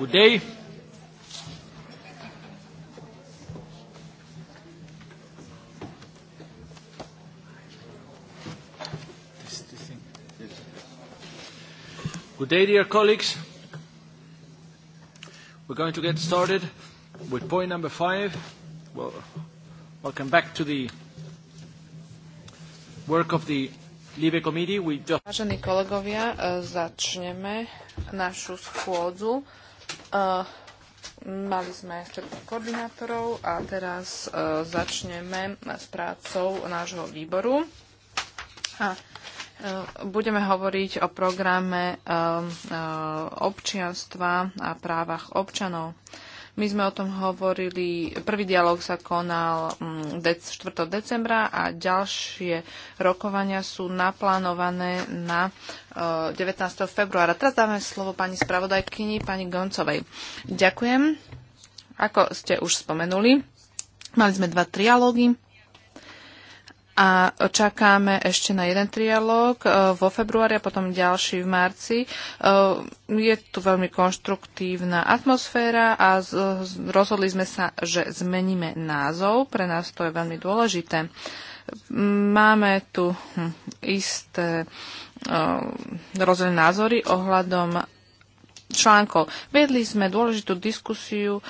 Good day. Good day, dear colleagues. We're going to get started with point number five. Well, welcome back to the work of the Libe Committee. We just... Vážení kolegovia, e, začneme našu schôdzu. Uh, mali sme stretnutie koordinátorov a teraz uh, začneme s prácou nášho výboru. A e, Budeme hovoriť o programe e, občianstva a právach občanov. My sme o tom hovorili, prvý dialog sa konal 4. Mm, decembra a ďalšie rokovania sú naplánované na 19. Eh, februára. Teraz dáme slovo pani spravodajkyni, pani Goncovej. Ďakujem. Ako ste už spomenuli, mali sme dva trialógy a čakáme ešte na jeden trialóg e, vo februári a potom ďalší v marci. E, je tu veľmi konštruktívna atmosféra a rozhodli sme sa, že zmeníme názov. Pre nás to je veľmi dôležité. Máme tu hm, isté e, rozdielne názory ohľadom článkov. Viedli sme dôležitú diskusiu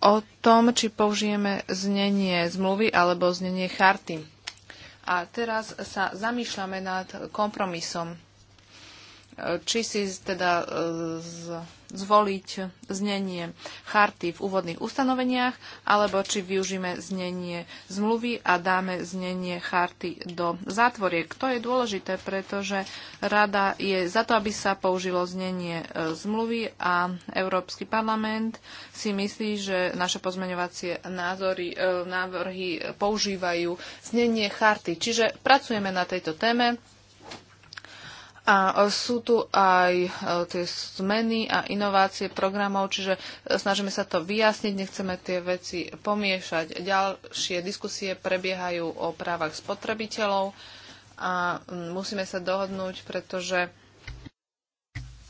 o tom, či použijeme znenie zmluvy alebo znenie charty a teraz sa zamýšľame nad kompromisom či si teda e, zvoliť znenie charty v úvodných ustanoveniach, alebo či využíme znenie zmluvy a dáme znenie charty do zátvoriek. To je dôležité, pretože rada je za to, aby sa použilo znenie e, zmluvy a Európsky parlament si myslí, že naše pozmeňovacie názory, e, návrhy používajú znenie charty. Čiže pracujeme na tejto téme a e, sú tu aj e, tie zmeny a inovácie programov, čiže e, snažíme sa to vyjasniť, nechceme tie veci pomiešať. Ďalšie diskusie prebiehajú o právach spotrebiteľov a musíme sa dohodnúť, pretože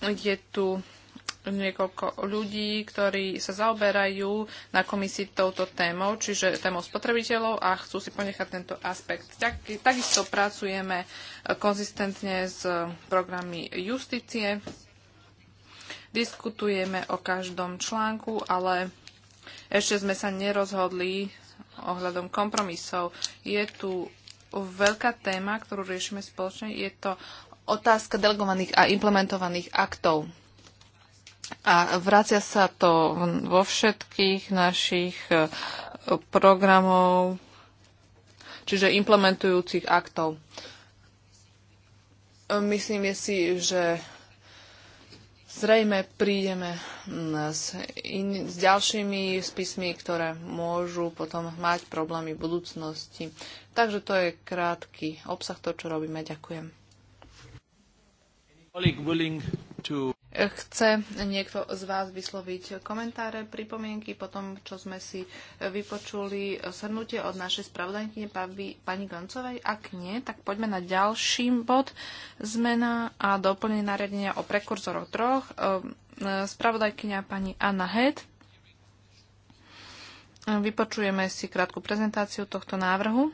je tu niekoľko ľudí, ktorí sa zaoberajú na komisii touto témou, čiže témou spotrebiteľov a chcú si ponechať tento aspekt. Tak, takisto pracujeme e, konzistentne s e, programy justície. Diskutujeme o každom článku, ale ešte sme sa nerozhodli ohľadom kompromisov. Je tu veľká téma, ktorú riešime spoločne. Je to otázka delegovaných a implementovaných aktov a vracia sa to vo všetkých našich e, programov, čiže implementujúcich aktov. E, Myslím si, že zrejme prídeme s, in, s ďalšími spismi, ktoré môžu potom mať problémy v budúcnosti. Takže to je krátky obsah toho, čo robíme. Ďakujem. Chce niekto z vás vysloviť komentáre, pripomienky po tom, čo sme si vypočuli shrnutie od našej spravodajkyne pani Goncovej? Ak nie, tak poďme na ďalší bod zmena a doplnenie nariadenia o prekurzoroch troch. Ehm, spravodajkyňa pani Anna Head. Vypočujeme si krátku prezentáciu tohto návrhu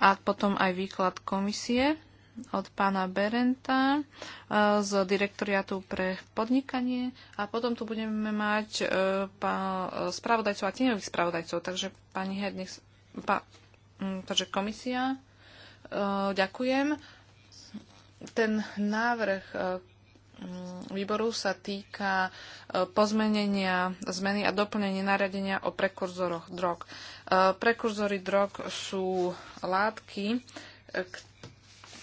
a potom aj výklad komisie od pána Berenta e, z direktoriatu pre podnikanie a potom tu budeme mať e, spravodajcov a tieňových spravodajcov. Takže pani Hernik, pa, mm, takže komisia, e, ďakujem. Ten návrh mm, výboru sa týka pozmenenia, zmeny a doplnenia nariadenia o prekurzoroch drog. Prekurzory drog sú látky,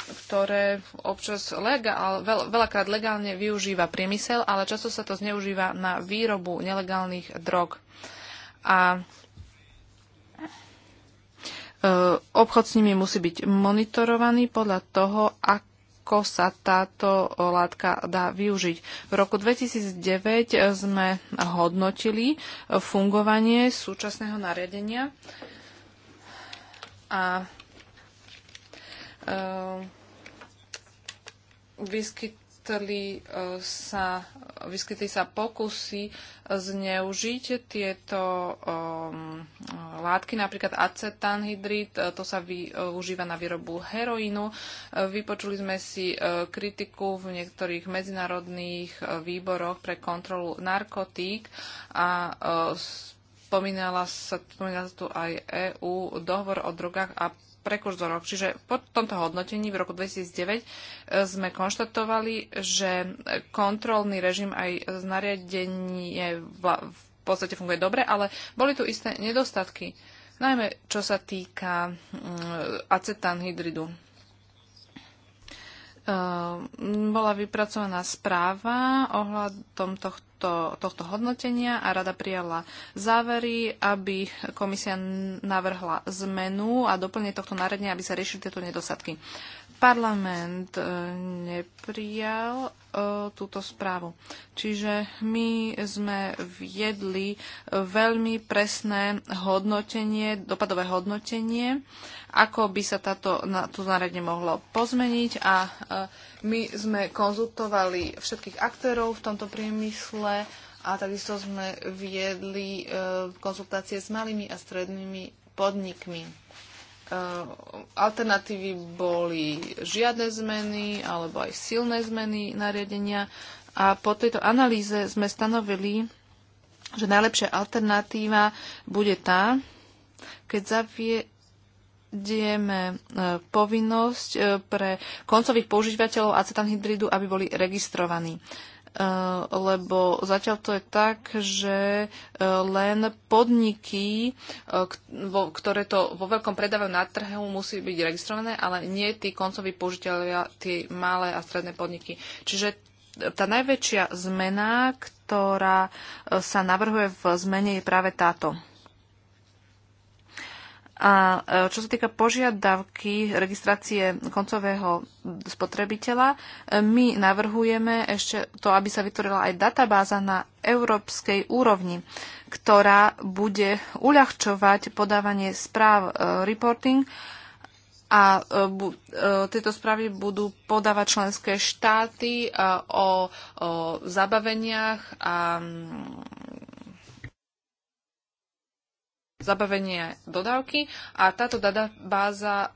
ktoré občas legál, veľ, veľakrát legálne využíva priemysel, ale často sa to zneužíva na výrobu nelegálnych drog. A e, obchod s nimi musí byť monitorovaný podľa toho, ako sa táto látka dá využiť. V roku 2009 sme hodnotili fungovanie súčasného nariadenia a e, vyskytli e, sa, vyskytli sa pokusy zneužiť tieto um, látky, napríklad acetanhydrid, e, to sa využíva na výrobu heroínu. Vypočuli sme si kritiku v niektorých medzinárodných výboroch pre kontrolu narkotík a spomínala sa, spomínala sa tu aj EÚ, dohovor o drogách a prekurzorov. Čiže po tomto hodnotení v roku 2009 e, sme konštatovali, že kontrolný režim aj nariadenie v podstate funguje dobre, ale boli tu isté nedostatky, najmä čo sa týka mm, acetanhydridu. Ehm, bola vypracovaná správa ohľadom tohto, tohto hodnotenia a rada prijala závery, aby komisia navrhla zmenu a doplne tohto nariadenia, aby sa riešili tieto nedostatky. Uh, parlament e, neprijal e, túto správu. Čiže my sme viedli veľmi presné hodnotenie, dopadové hodnotenie, ako by sa táto, na, to mohlo pozmeniť a e, my sme konzultovali všetkých aktérov v tomto priemysle a takisto sme viedli konzultácie s malými a strednými podnikmi Eh, alternatívy boli žiadne zmeny alebo aj silné zmeny nariadenia. A po tejto analýze sme stanovili, že najlepšia alternatíva bude tá, keď zaviedieme eh, povinnosť eh, pre koncových používateľov acetanhydridu, aby boli registrovaní. Uh, Eh, lebo zatiaľ to je tak, že eh, len podniky, eh, ktoré to vo veľkom predávajú na trhu, musí byť registrované, ale nie tí koncoví použiteľia, tie malé a stredné podniky. Čiže tá najväčšia zmena, ktorá sa navrhuje v zmene, je práve táto. A e, čo sa týka požiadavky registrácie koncového spotrebiteľa, e, my navrhujeme ešte to, aby sa vytvorila aj databáza na európskej úrovni, ktorá bude uľahčovať podávanie správ e, reporting a bu, tieto správy budú podávať členské štáty o, o zabaveniach a zabavenie dodávky a táto databáza e,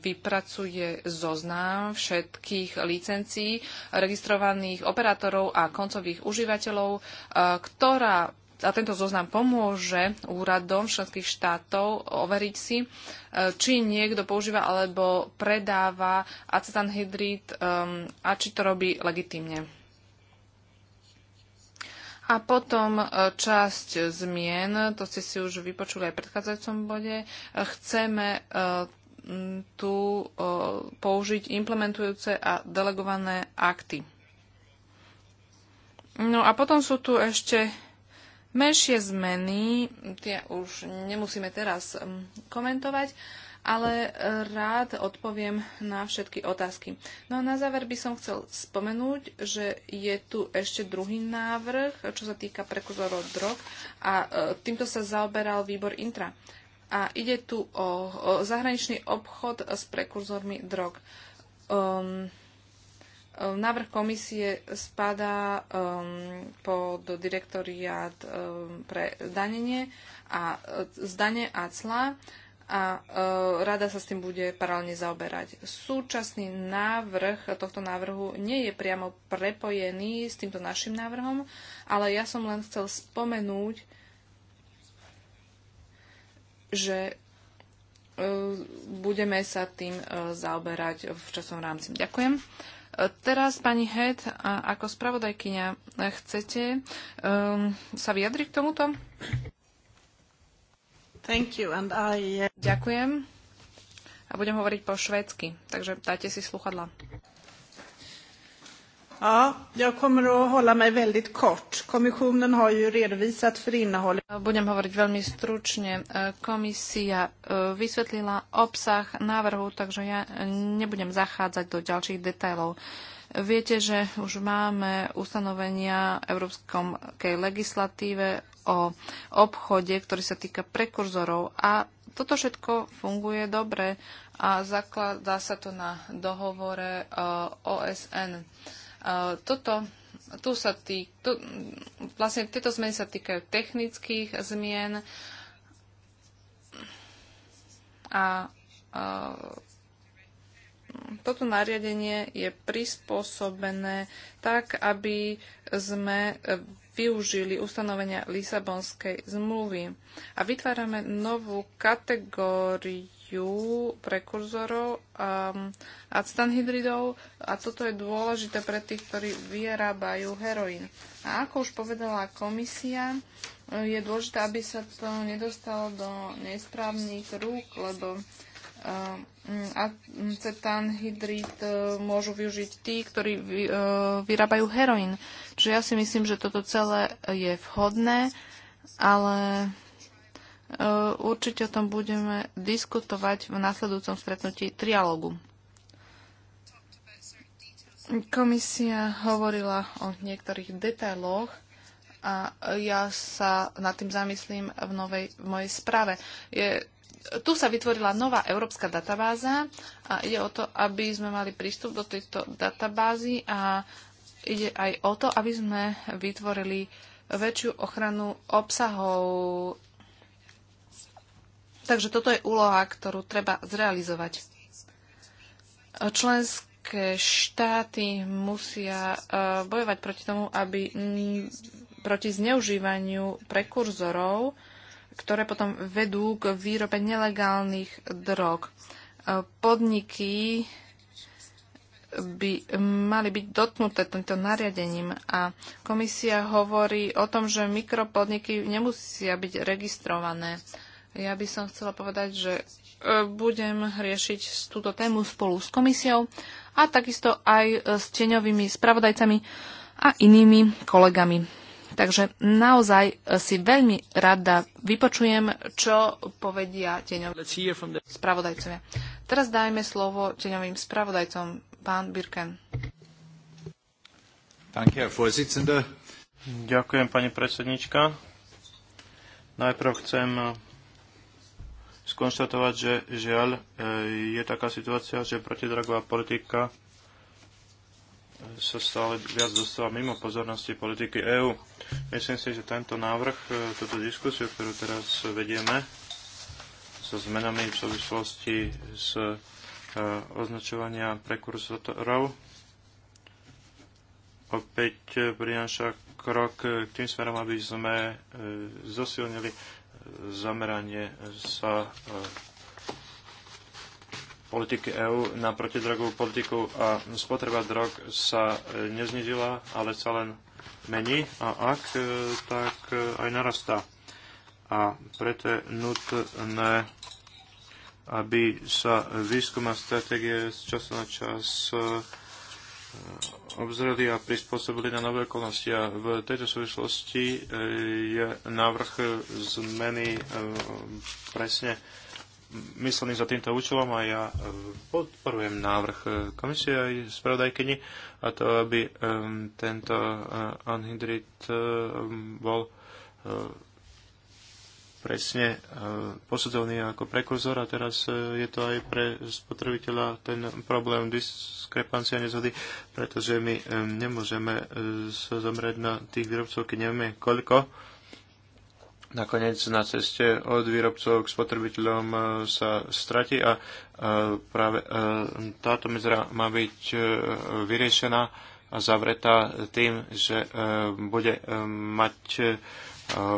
vypracuje zoznam všetkých licencií registrovaných operátorov a koncových užívateľov, e, ktorá a tento zoznam pomôže úradom členských štátov overiť si, e, či niekto používa alebo predáva acetanhydrid a či to robí legitimne. A potom e, časť zmien, to ste si už vypočuli aj v predchádzajúcom bode, e, chceme e, tu použiť implementujúce a delegované akty. No a potom sú tu ešte menšie zmeny, tie už nemusíme teraz komentovať ale e, rád odpoviem na všetky otázky. No a na záver by som chcel spomenúť, že je tu ešte druhý návrh, čo sa týka prekurzorov drog a e, týmto sa zaoberal výbor Intra. A ide tu o, zahraničný obchod s prekurzormi drog. Um, Návrh komisie spadá um, pod direktoriát um, pre danenie a zdanie a cla a e, rada sa s tým bude paralelne zaoberať. Súčasný návrh tohto návrhu nie je priamo prepojený s týmto našim návrhom, ale ja som len chcel spomenúť, že e, budeme sa tým e, zaoberať v časom rámci. Ďakujem. E, teraz, pani Head, ako spravodajkyňa, chcete um, sa vyjadriť k tomuto? Thank you and I... Uh, Ďakujem. A budem hovoriť po švédsky, takže dajte si sluchadla. Ja, jag kommer att hålla mig väldigt kort. Kommissionen har ju redovisat för innehållet. Budem hovoriť veľmi stručne. E, komisia e, vysvetlila obsah návrhu, takže ja nebudem zachádzať do ďalších detailov. Viete, že už máme ustanovenia európskej legislatíve o obchode, ktorý sa týka prekurzorov a toto všetko funguje dobre a zakladá sa to na dohovore eh, OSN. Eh, toto tu sa tý, tu, vlastne tieto zmeny sa týkajú technických zmien a, a eh, toto nariadenie je prispôsobené tak, aby sme využili ustanovenia Lisabonskej zmluvy. A vytvárame novú kategóriu prekurzorov um, acetanhydridov, a toto je dôležité pre tých, ktorí vyrábajú heroín. A ako už povedala komisia, je dôležité, aby sa to nedostalo do nesprávnych rúk, lebo um, Mm, hydrid e, môžu využiť tí, ktorí e, vyrábajú heroin. Čiže ja si myslím, že toto celé je vhodné, ale e, určite o tom budeme diskutovať v následujúcom stretnutí trialogu. Komisia hovorila o niektorých detailoch a ja sa nad tým zamyslím v, novej, v mojej správe. Je tu sa vytvorila nová európska databáza a ide o to, aby sme mali prístup do tejto databázy a ide aj o to, aby sme vytvorili väčšiu ochranu obsahov. Takže toto je úloha, ktorú treba zrealizovať. Členské štáty musia e, bojovať proti tomu, aby proti zneužívaniu prekurzorov ktoré potom vedú k výrobe nelegálnych drog. E, podniky by mali byť dotknuté týmto nariadením a komisia hovorí o tom, že mikropodniky nemusia byť registrované. Ja by som chcela povedať, že e, budem riešiť túto tému spolu s komisiou a takisto aj s tieňovými spravodajcami a inými kolegami. Takže naozaj si veľmi rada vypočujem, čo povedia tieňoví spravodajcovia. Teraz dajme slovo tieňovým spravodajcom, pán Birken. Ďakujem, pani predsednička. Najprv chcem eh, skonštatovať, že žiaľ eh, je taká situácia, že protidragová politika sa stále viac dostáva mimo pozornosti politiky EÚ. Myslím si, že tento návrh, e, túto diskusiu, ktorú teraz vedieme, so zmenami v súvislosti s e, označovania prekursorov, opäť prináša krok k tým smerom, aby sme e, zosilnili zameranie sa politiky EÚ na protidrogovú politiku a spotreba drog sa e, neznižila, ale sa len mení a ak, e, tak e, aj narastá. A preto je nutné, aby sa výskum a stratégie z času na čas obzreli a prispôsobili na nové okolnosti. A v tejto súvislosti je návrh zmeny presne myslený za týmto účelom a ja e, podporujem návrh e, komisie aj spravodajkyni a to, aby e, tento anhydrid bol presne posudzovaný ako prekurzor a teraz je to aj pre spotrebiteľa ten problém diskrepancia nezhody, pretože my nemôžeme sa zamrieť na tých výrobcov, keď nevieme koľko nakoniec na ceste od výrobcov k spotrebiteľom e, sa stratí a e, práve e, táto medzera má byť vyriešená a zavretá tým, že bude mať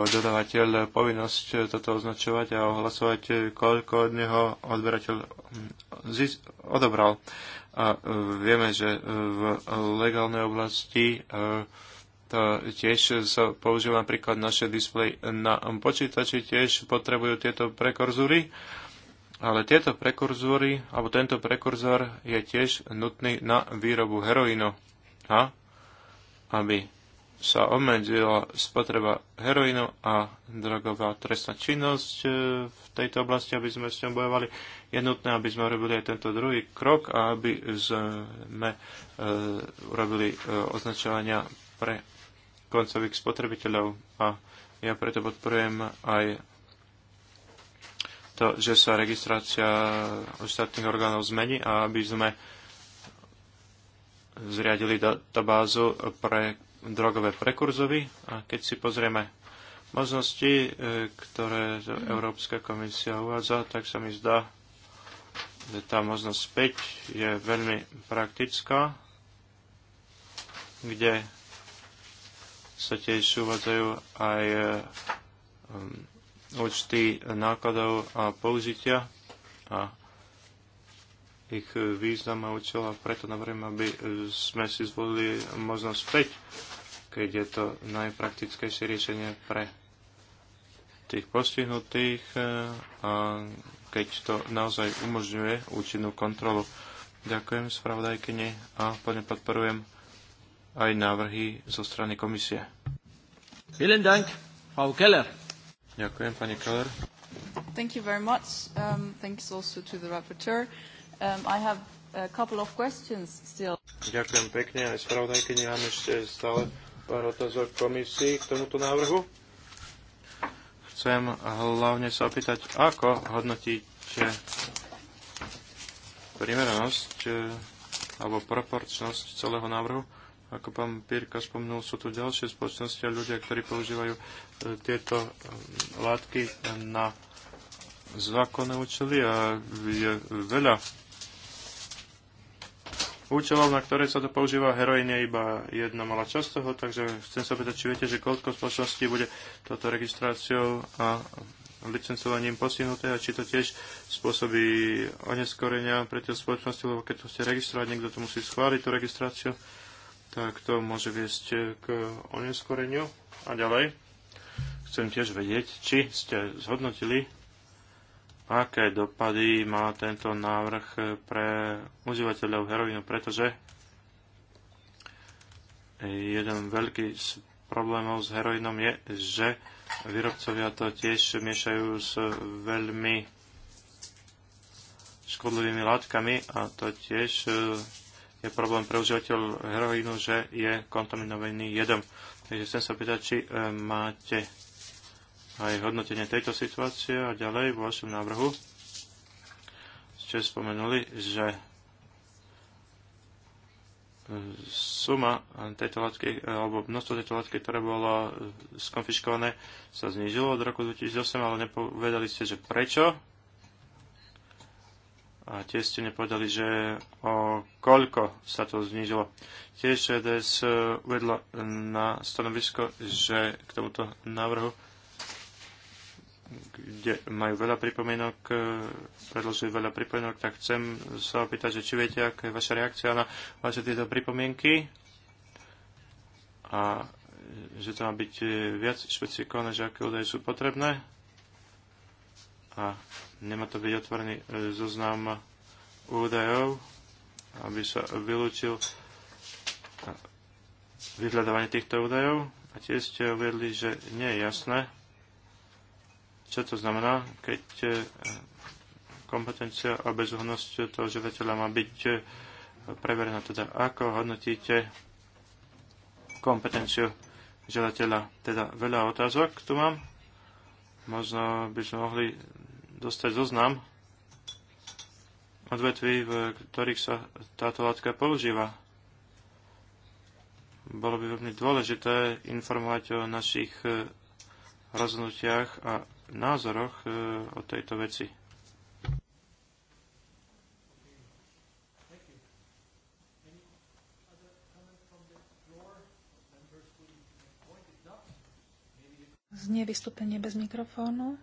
dodávateľ povinnosť toto označovať a ohlasovať, koľko od neho odberateľ mm, odobral. A vieme, že v legálnej oblasti to tiež sa používa napríklad naše displej na počítači, tiež potrebujú tieto prekurzory, ale tieto prekurzory, alebo tento prekurzor je tiež nutný na výrobu heroínu. A aby sa obmedzila spotreba heroínu a drogová trestná činnosť e, v tejto oblasti, aby sme s ňou bojovali. Je nutné, aby sme robili aj tento druhý krok a aby sme e, urobili e, označovania pre koncových spotrebiteľov a ja preto podporujem aj to, že sa registrácia ostatných orgánov zmení a aby sme zriadili databázu pre drogové prekurzovy. A keď si pozrieme možnosti, e, ktoré Európska komisia uvádza, tak sa mi zdá, že tá možnosť 5 je veľmi praktická, kde sa tiež uvádzajú aj um, účty nákladov a použitia a ich význam a účel a preto navrhujem, aby sme si zvolili možnosť 5, keď je to najpraktickejšie riešenie pre tých postihnutých eh, a keď to naozaj umožňuje účinnú kontrolu. Ďakujem spravodajkyni a plne podporujem aj návrhy zo strany komisie. Vielen Dank, Frau Keller. Ďakujem, pani Keller. Thank you very much. Um, thanks also to the rapporteur. Um, I have a couple of questions still. Ďakujem pekne aj spravodajky, nemám ešte stále pár otázok komisii k tomuto návrhu. Chcem hlavne sa opýtať, ako hodnotíte primeranosť eh, alebo proporčnosť celého návrhu ako pán Pirka spomnul, sú tu ďalšie spoločnosti a ľudia, ktorí používajú e, tieto e, látky na zákonné účely a je veľa účelov, na ktoré sa to používa. Heroin je iba jedna malá časť toho, takže chcem sa pýtať, či viete, že koľko spoločností bude toto registráciou a licencovaním postihnuté a či to tiež spôsobí oneskorenia pre tie spoločnosti, lebo keď to chce registrovať, niekto to musí schváliť, tú registráciu tak to môže viesť k oneskoreniu. A ďalej, chcem tiež vedieť, či ste zhodnotili, aké dopady má tento návrh pre užívateľov heroínu, pretože jeden veľký z problémov s heroínom je, že výrobcovia to tiež miešajú s veľmi škodlivými látkami a to tiež je problém pre užívateľ heroínu, že je kontaminovaný jedom. Takže chcem sa pýtať, či e, máte aj hodnotenie tejto situácie a ďalej vo vašom návrhu ste spomenuli, že e, suma tejto látky, e, alebo množstvo tejto látky, ktoré bolo skonfiškované, sa znížilo od roku 2008, ale nepovedali ste, že prečo a tiež ste nepovedali, že o koľko sa to znížilo. Tiež EDS e, uvedla na stanovisko, že k tomuto návrhu, kde majú veľa pripomienok, e, predložili veľa pripomienok, tak chcem sa opýtať, že či viete, aká je vaša reakcia na vaše tieto pripomienky a že to má byť e, viac špecifikované, že aké údaje sú potrebné a nemá to byť otvorený e, zoznam údajov, aby sa vylúčil e, vyhľadávanie týchto údajov a tiež ste uvedli, že nie je jasné, čo to znamená, keď e, kompetencia a bezúhodnosť toho živateľa má byť preverená. Teda ako hodnotíte kompetenciu želateľa. Teda veľa otázok tu mám. Možno by sme mohli dostať zoznam odvetví, v ktorých sa táto látka používa. Bolo by veľmi dôležité informovať o našich eh, rozhodnutiach a názoroch eh, o tejto veci. Znie vystúpenie bez mikrofónu.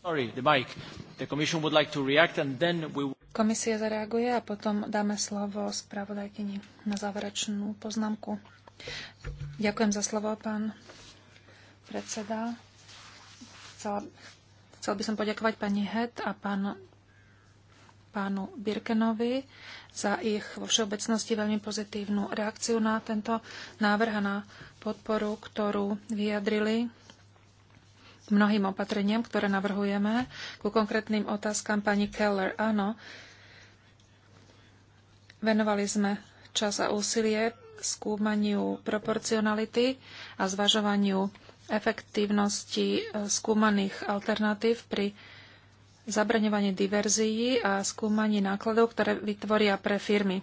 Sorry, the mic. The commission would like to react and then we... Komisia zareaguje a potom dáme slovo spravodajkyni na záverečnú poznámku. Ďakujem za slovo, pán predseda. Chcela, chcel by som poďakovať pani Het a pán, pánu Birkenovi za ich vo všeobecnosti veľmi pozitívnu reakciu na tento návrh a na podporu, ktorú vyjadrili mnohým opatreniam, ktoré navrhujeme. Ku konkrétnym otázkam pani Keller, áno, venovali sme čas a úsilie skúmaniu proporcionality a zvažovaniu efektívnosti eh, skúmaných alternatív pri zabraňovanie diverzií a skúmanie nákladov, ktoré vytvoria pre firmy.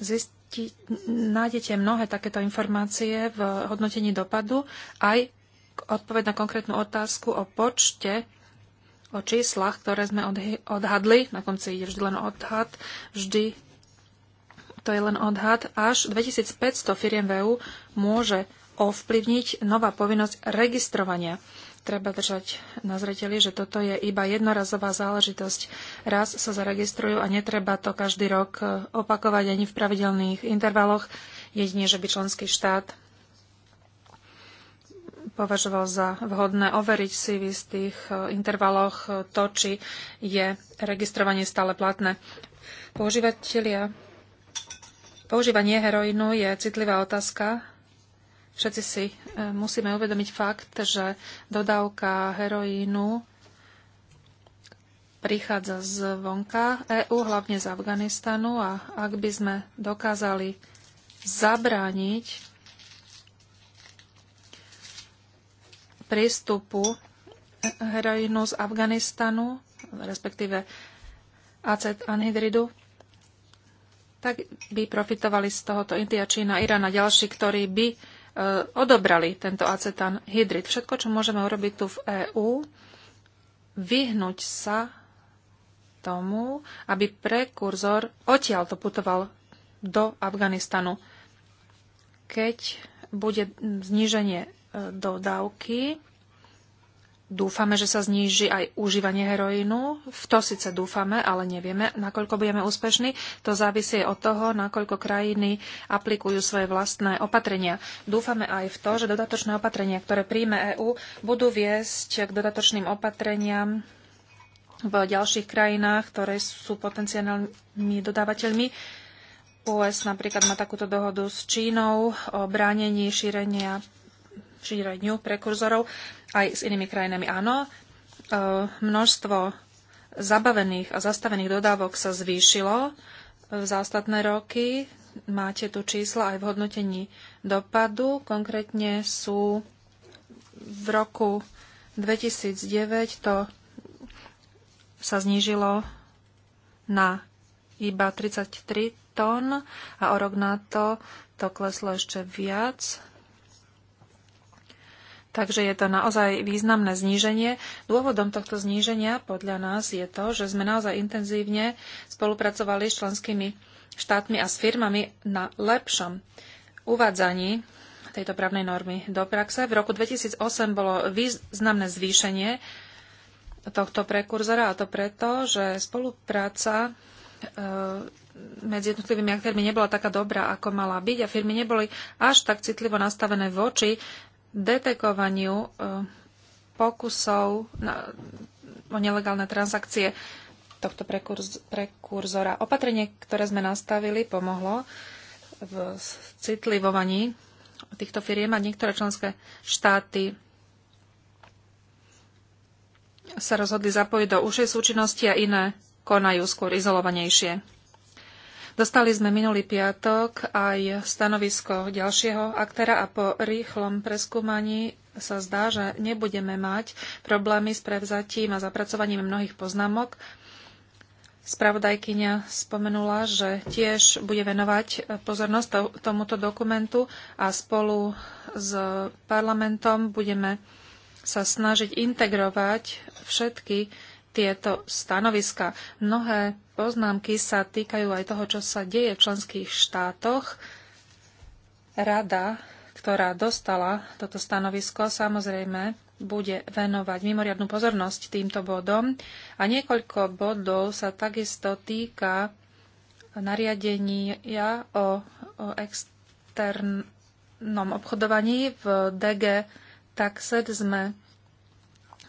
Zisti, nájdete mnohé takéto informácie v hodnotení dopadu, aj odpoveď na konkrétnu otázku o počte, o číslach, ktoré sme odhadli, na konci ide vždy len odhad, vždy to je len odhad, až 2500 firiem VU e môže ovplyvniť nová povinnosť registrovania treba držať na zreteli, že toto je iba jednorazová záležitosť. Raz sa zaregistrujú a netreba to každý rok e, opakovať ani v pravidelných intervaloch, jedine, že by členský štát považoval za vhodné overiť si v istých e, intervaloch e, to, či je registrovanie stále platné. Používanie heroínu je citlivá otázka, Všetci si e, musíme uvedomiť fakt, že dodávka heroínu prichádza z vonka EÚ, hlavne z Afganistanu a ak by sme dokázali zabrániť prístupu heroínu z Afganistanu, respektíve acet anhydridu, tak by profitovali z tohoto India, Čína, Irán a ďalší, ktorí by Eh, odobrali tento acetán hydrid. Všetko, čo môžeme urobiť tu v EÚ, vyhnúť sa tomu, aby prekurzor odtiaľ to putoval do Afganistanu. Keď bude zníženie eh, dodávky, Dúfame, že sa zníži aj užívanie heroínu. V to síce dúfame, ale nevieme, nakoľko budeme úspešní. To závisí od toho, nakoľko krajiny aplikujú svoje vlastné opatrenia. Dúfame aj v to, že dodatočné opatrenia, ktoré príjme EÚ, budú viesť k dodatočným opatreniam v ďalších krajinách, ktoré sú potenciálnymi dodávateľmi. US napríklad má takúto dohodu s Čínou o bránení šírenia šíreniu prekurzorov aj s inými krajinami. Áno, e, množstvo zabavených a zastavených dodávok sa zvýšilo za ostatné roky. Máte tu čísla aj v hodnotení dopadu. Konkrétne sú v roku 2009 to sa znížilo na iba 33 tón a o rok na to to kleslo ešte viac Takže je to naozaj významné zníženie. Dôvodom tohto zníženia podľa nás je to, že sme naozaj intenzívne spolupracovali s členskými štátmi a s firmami na lepšom uvádzaní tejto právnej normy do praxe. V roku 2008 bolo významné zvýšenie tohto prekurzora a to preto, že spolupráca e, medzi jednotlivými aktérmi nebola taká dobrá, ako mala byť a firmy neboli až tak citlivo nastavené voči detekovaniu e, pokusov na, o nelegálne transakcie tohto prekurz, prekurzora. Opatrenie, ktoré sme nastavili, pomohlo v citlivovaní týchto firiem a niektoré členské štáty sa rozhodli zapojiť do ušej súčinnosti a iné konajú skôr izolovanejšie. Dostali sme minulý piatok aj stanovisko ďalšieho aktéra a po rýchlom preskúmaní sa zdá, že nebudeme mať problémy s prevzatím a zapracovaním mnohých poznámok. Spravodajkyňa spomenula, že tiež bude venovať pozornosť tomuto dokumentu a spolu s parlamentom budeme sa snažiť integrovať všetky tieto stanoviska. Mnohé poznámky sa týkajú aj toho, čo sa deje v členských štátoch. Rada, ktorá dostala toto stanovisko, samozrejme bude venovať mimoriadnú pozornosť týmto bodom. A niekoľko bodov sa takisto týka nariadenia o, o externom obchodovaní. V DG Taxed sme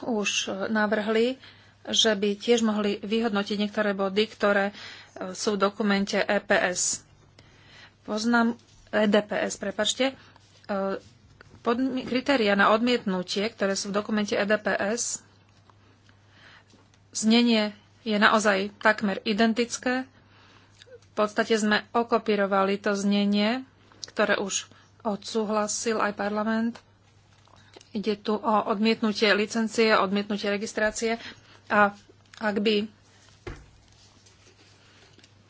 už navrhli že by tiež mohli vyhodnotiť niektoré body, ktoré e, sú v dokumente EPS. Poznám EDPS, prepačte. E, kritéria na odmietnutie, ktoré sú v dokumente EDPS, znenie je naozaj takmer identické. V podstate sme okopírovali to znenie, ktoré už odsúhlasil aj parlament. Ide tu o odmietnutie licencie, odmietnutie registrácie. A ak by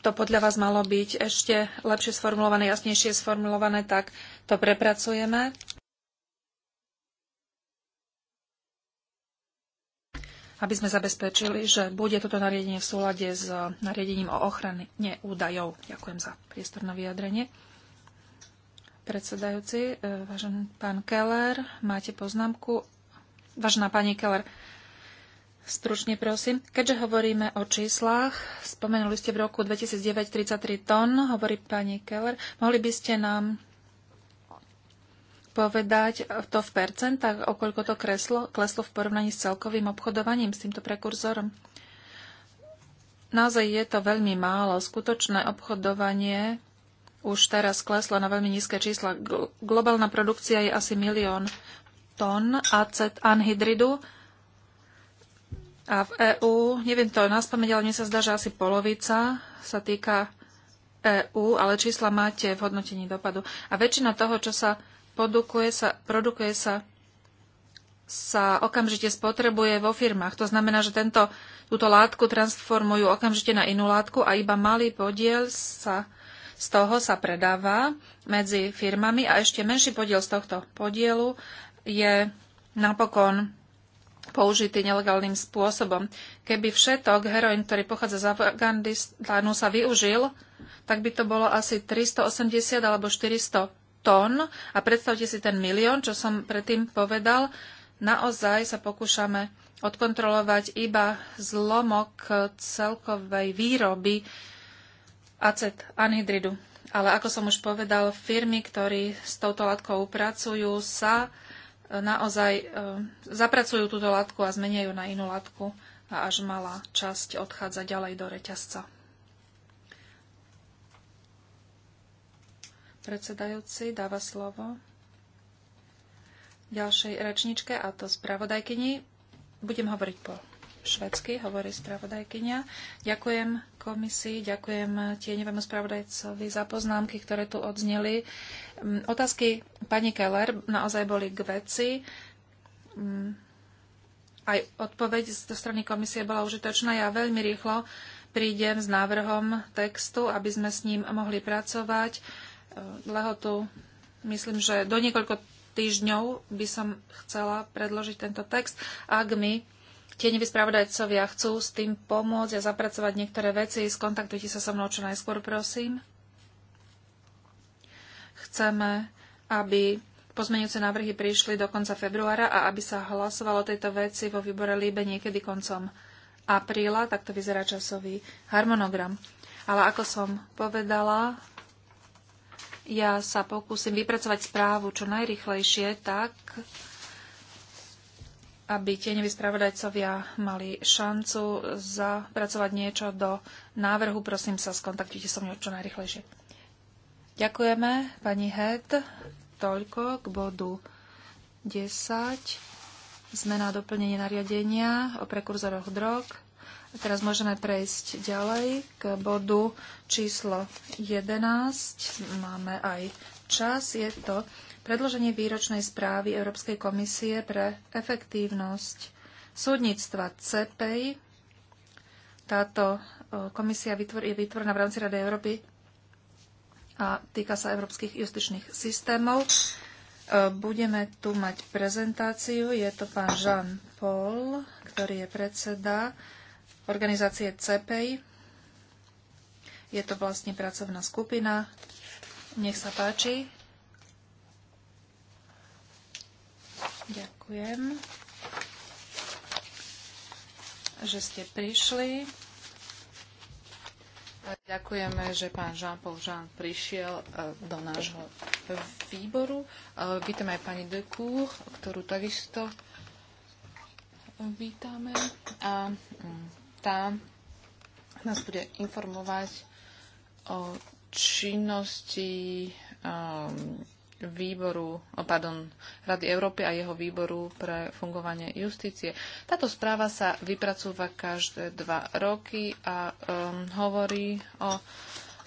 to podľa vás malo byť ešte lepšie sformulované, jasnejšie sformulované, tak to prepracujeme. aby sme zabezpečili, že bude toto nariadenie v súlade s nariadením o ochrane údajov. Ďakujem za priestor na vyjadrenie. Predsedajúci, eh, vážený pán Keller, máte poznámku? Vážená pani Keller, Stručne prosím. Keďže hovoríme o číslach, spomenuli ste v roku 2009 33 tón, hovorí pani Keller. Mohli by ste nám povedať to v percentách, o koľko to kreslo, kleslo v porovnaní s celkovým obchodovaním s týmto prekurzorom? Naozaj je to veľmi málo. Skutočné obchodovanie už teraz kleslo na veľmi nízke čísla. Globálna produkcia je asi milión tón acet anhydridu a v EÚ, neviem to na spameť, ale mne sa zdá, že asi polovica sa týka EÚ, ale čísla máte v hodnotení dopadu. A väčšina toho, čo sa produkuje, sa, produkuje sa, sa okamžite spotrebuje vo firmách. To znamená, že tento, túto látku transformujú okamžite na inú látku a iba malý podiel sa, z toho sa predáva medzi firmami a ešte menší podiel z tohto podielu je napokon použitý nelegálnym spôsobom. Keby všetok heroin, ktorý pochádza z Afganistánu, sa využil, tak by to bolo asi 380 alebo 400 tón. A predstavte si ten milión, čo som predtým povedal. Naozaj sa pokúšame odkontrolovať iba zlomok celkovej výroby acet anhydridu. Ale ako som už povedal, firmy, ktorí s touto látkou pracujú, sa naozaj e, zapracujú túto látku a zmenia ju na inú látku a až malá časť odchádza ďalej do reťazca. Predsedajúci dáva slovo ďalšej rečničke, a to spravodajkyni. Budem hovoriť po švedsky, hovorí spravodajkynia. Ďakujem komisii, ďakujem tieňovému spravodajcovi za poznámky, ktoré tu odzneli. Mm, otázky pani Keller naozaj boli k veci. Mm, aj odpoveď zo strany komisie bola užitočná. Ja veľmi rýchlo prídem s návrhom textu, aby sme s ním mohli pracovať. E, lehotu myslím, že do niekoľko týždňov by som chcela predložiť tento text, ak mi tieňoví spravodajcovia chcú s tým pomôcť a zapracovať niektoré veci, skontaktujte sa so mnou čo najskôr, prosím. Chceme, aby pozmeňujúce návrhy prišli do konca februára a aby sa hlasovalo tejto veci vo výbore Líbe niekedy koncom apríla. Takto vyzerá časový harmonogram. Ale ako som povedala, ja sa pokúsim vypracovať správu čo najrychlejšie tak, aby tieňoví spravodajcovia mali šancu zapracovať niečo do návrhu. Prosím sa, skontaktujte so mnou čo najrychlejšie. Ďakujeme, pani Het. Toľko k bodu 10. Zmena a doplnenie nariadenia o prekurzoroch drog. A teraz môžeme prejsť ďalej k bodu číslo 11. Máme aj čas. Je to predloženie výročnej správy Európskej komisie pre efektívnosť súdnictva CPI. Táto eh, komisia je vytvorená v rámci Rady Európy a týka sa európskych justičných systémov. E, budeme tu mať prezentáciu. Je to pán Jean Paul, ktorý je predseda organizácie CPI. Je to vlastne pracovná skupina. Nech sa páči. Ďakujem, že ste prišli. Ďakujeme, že pán Jean-Paul Jean prišiel e, do nášho výboru. E, vítam aj pani Decour, ktorú takisto vítame. A mm, tá nás bude informovať o činnosti e, výboru, oh, pardon, Rady Európy a jeho výboru pre fungovanie justície. Táto správa sa vypracúva každé dva roky a um, hovorí o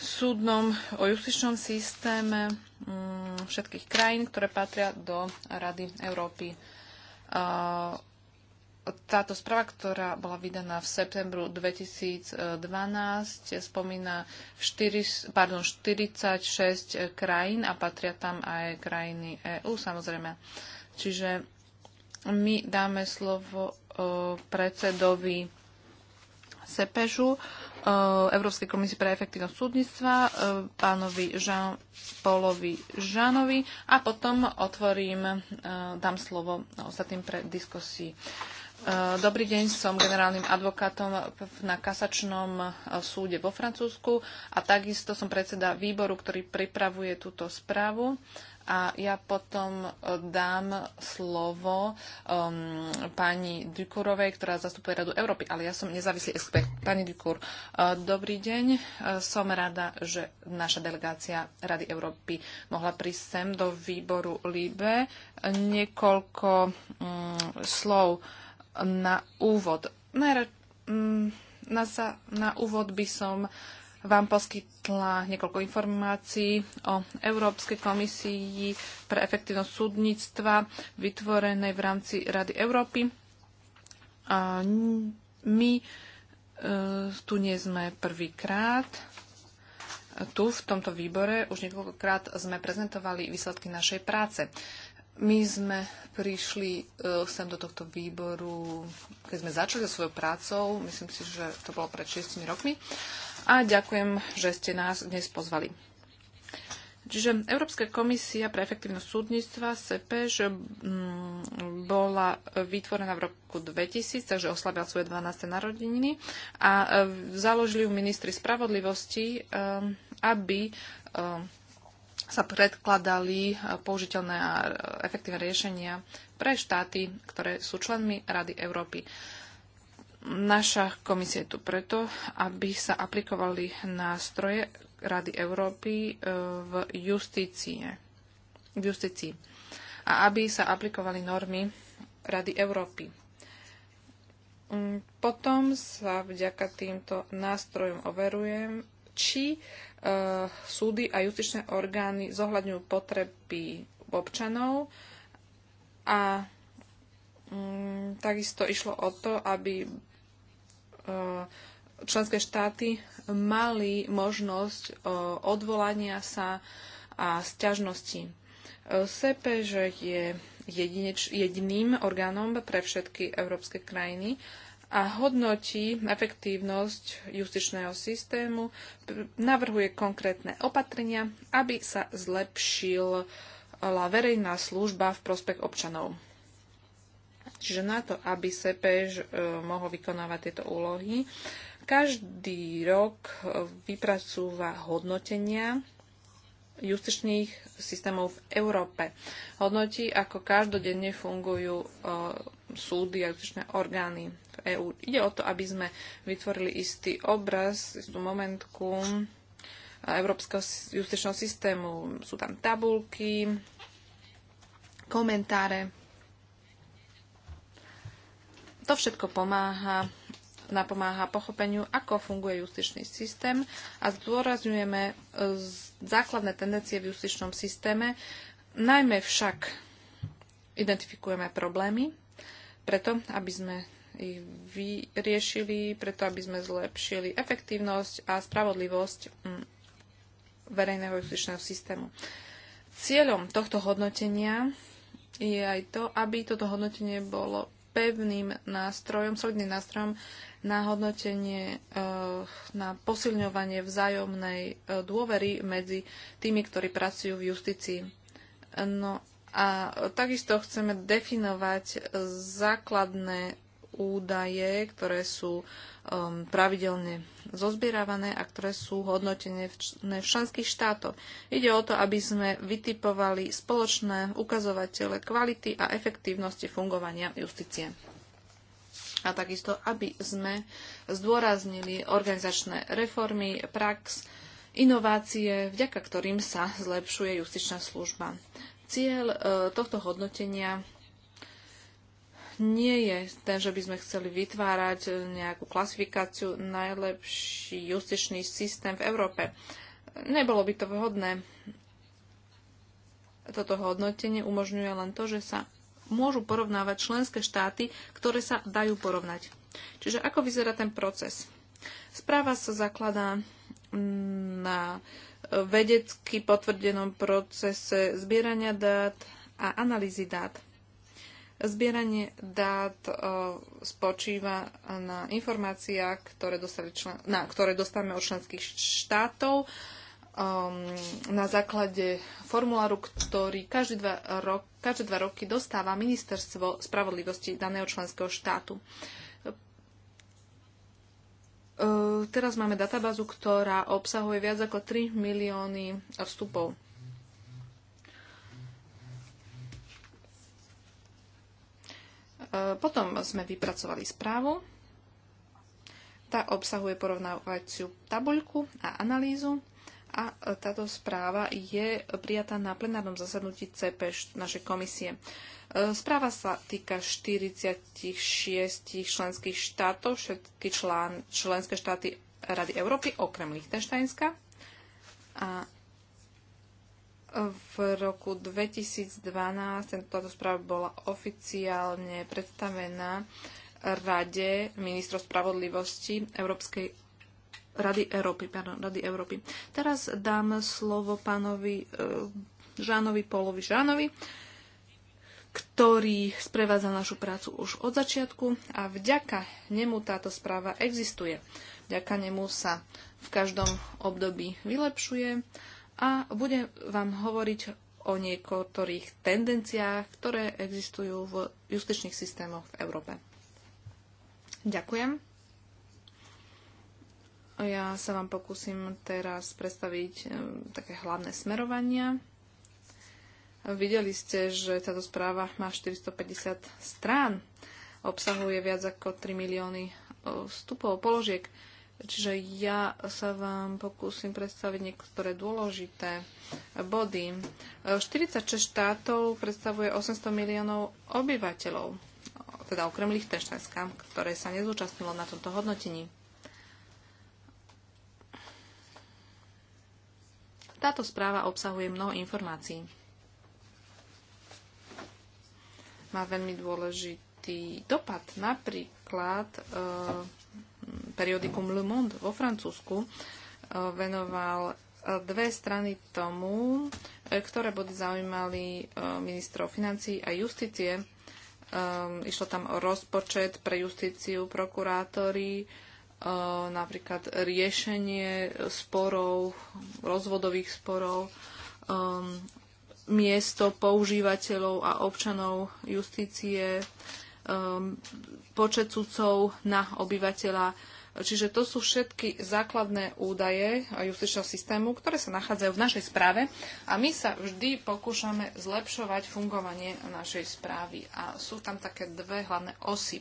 súdnom, o justičnom systéme um, všetkých krajín, ktoré patria do Rady Európy. Uh, táto správa, ktorá bola vydaná v septembru 2012, spomína 4, pardon, 46 krajín a patria tam aj krajiny EÚ samozrejme. Čiže my dáme slovo predsedovi SEPEŽu, Európskej komisie pre efektívnosť súdnictva, pánovi Jean Paulovi Žánovi a potom otvorím, dám slovo ostatným pre diskusii. Eh, dobrý deň, som generálnym advokátom na kasačnom eh, súde vo Francúzsku a takisto som predseda výboru, ktorý pripravuje túto správu a ja potom eh, dám slovo um, pani Dukurovej, ktorá zastupuje Radu Európy, ale ja som nezávislý expert. Pani Dukur, uh, dobrý deň. Uh, som rada, že naša delegácia Rady Európy mohla prísť sem do výboru LIBE. Niekoľko um, slov uh, na úvod. Mm, na, na, na úvod by som vám poskytla niekoľko informácií o Európskej komisii pre efektívnosť súdnictva vytvorenej v rámci Rady Európy. A my e, tu nie sme prvýkrát. Tu v tomto výbore už niekoľkokrát sme prezentovali výsledky našej práce. My sme prišli e, sem do tohto výboru, keď sme začali so svojou prácou, myslím si, že to bolo pred 6 rokmi. A ďakujem, že ste nás dnes pozvali. Čiže Európska komisia pre efektívnosť súdnictva, SEPEŽ, mm, bola vytvorená v roku 2000, takže oslabila svoje 12. narodeniny a e, založili ju ministri spravodlivosti, e, aby sa predkladali e, použiteľné a e, efektívne riešenia pre štáty, ktoré sú členmi Rady Európy. Naša komisia je tu preto, aby sa aplikovali nástroje Rady Európy e, v justície, v justícii a aby sa aplikovali normy Rady Európy. Mm, potom sa vďaka týmto nástrojom overujem, či e, súdy a justičné orgány zohľadňujú potreby občanov a mm, takisto išlo o to, aby e, členské štáty mali možnosť e, odvolania sa a sťažnosti. Uh, je jedineč, jediným orgánom pre všetky európske krajiny a hodnotí efektívnosť justičného systému, navrhuje konkrétne opatrenia, aby sa zlepšila verejná služba v prospech občanov. Čiže na to, aby SEPEŽ e, mohol vykonávať tieto úlohy, každý rok e, vypracúva hodnotenia justičných systémov v Európe. Hodnotí, ako každodenne fungujú e, súdy a justičné orgány v EÚ. Ide o to, aby sme vytvorili istý obraz, istú momentku európskeho justičného systému. Sú tam tabulky, komentáre. To všetko pomáha napomáha pochopeniu, ako funguje justičný systém a zdôrazňujeme e, základné tendencie v justičnom systéme. Najmä však identifikujeme problémy, preto aby sme ich vyriešili, preto aby sme zlepšili efektívnosť a spravodlivosť mm, verejného justičného systému. Cieľom tohto hodnotenia je aj to, aby toto hodnotenie bolo pevným nástrojom, solidným nástrojom na hodnotenie, eh, na posilňovanie vzájomnej eh, dôvery medzi tými, ktorí pracujú v justícii. No a takisto chceme definovať základné údaje, ktoré sú um, pravidelne zozbieravané a ktoré sú hodnotené v, v členských štátoch. Ide o to, aby sme vytipovali spoločné ukazovatele kvality a efektívnosti fungovania justície. A takisto, aby sme zdôraznili organizačné reformy, prax, inovácie, vďaka ktorým sa zlepšuje justičná služba. Cieľ e, tohto hodnotenia nie je ten, že by sme chceli vytvárať e, nejakú klasifikáciu najlepší justičný systém v Európe. Nebolo by to vhodné. Toto hodnotenie umožňuje len to, že sa môžu porovnávať členské štáty, ktoré sa dajú porovnať. Čiže ako vyzerá ten proces? Správa sa zakladá na vedecky potvrdenom procese zbierania dát a analýzy dát. Zbieranie dát e, spočíva na informáciách, ktoré, dostali člen, na, ktoré dostávame od členských štátov um, na základe formuláru, ktorý každé dva, rok, každé dva roky dostáva Ministerstvo spravodlivosti daného členského štátu. E, teraz máme databázu, ktorá obsahuje viac ako 3 milióny vstupov. Eh, potom sme vypracovali správu. Tá obsahuje porovnávaciu tabuľku a analýzu. A eh, táto správa je prijatá na plenárnom zasadnutí CP našej komisie. Eh, správa sa týka 46 členských štátov, všetky člen, členské štáty Rady Európy, okrem Lichtensteinska. A v roku 2012 táto správa bola oficiálne predstavená Rade ministrov spravodlivosti Európskej Rady Európy, pardon, Rady Európy. Teraz dám slovo pánovi e, Žánovi Polovi Žánovi, ktorý sprevádza našu prácu už od začiatku a vďaka nemu táto správa existuje. Vďaka nemu sa v každom období vylepšuje a budem vám hovoriť o niektorých tendenciách, ktoré existujú v justičných systémoch v Európe. Ďakujem. Ja sa vám pokúsim teraz predstaviť e, také hlavné smerovania. Videli ste, že táto správa má 450 strán, obsahuje viac ako 3 milióny e, vstupov, položiek. Čiže ja sa vám pokúsim predstaviť niektoré dôležité body. 46 e, štátov predstavuje 800 miliónov obyvateľov, teda okrem Lichtensteinska, ktoré sa nezúčastnilo na tomto hodnotení. Táto správa obsahuje mnoho informácií. Má veľmi dôležitý dopad napríklad Napríklad e, periodikum Le Monde vo Francúzsku e, venoval e, dve strany tomu, ktoré body zaujímali ministrov financí a justície. Išlo tam o rozpočet pre justíciu, prokurátory, napríklad riešenie sporov, rozvodových sporov, miesto používateľov a občanov justície, Um, počet sudcov na obyvateľa. Čiže to sú všetky základné údaje justičného systému, ktoré sa nachádzajú v našej správe a my sa vždy pokúšame zlepšovať fungovanie našej správy. A sú tam také dve hlavné osy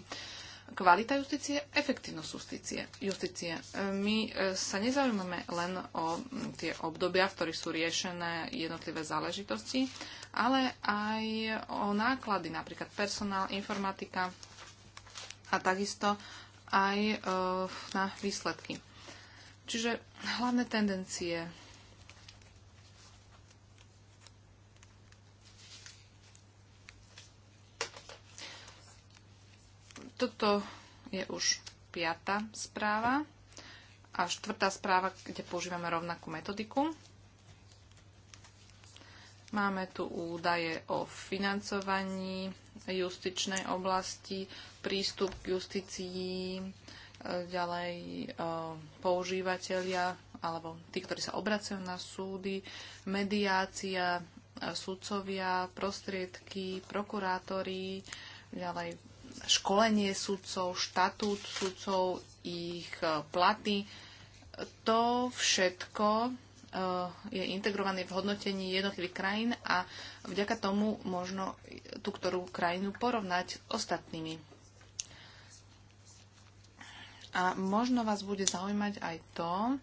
kvalita justície, efektívnosť justície. justície. My e, sa nezaujímame len o tie obdobia, v ktorých sú riešené jednotlivé záležitosti, ale aj o náklady, napríklad personál, informatika a takisto aj e, na výsledky. Čiže hlavné tendencie toto je už piata správa a štvrtá správa, kde používame rovnakú metodiku. Máme tu údaje o financovaní justičnej oblasti, prístup k justícii, e, ďalej e, používateľia alebo tí, ktorí sa obracajú na súdy, mediácia, e, sudcovia, prostriedky, prokurátori, ďalej školenie sudcov, štatút sudcov, ich platy. To všetko Eh, je integrovaný v hodnotení jednotlivých krajín a vďaka tomu možno tú ktorú krajinu porovnať s ostatnými. A možno vás bude zaujímať aj to,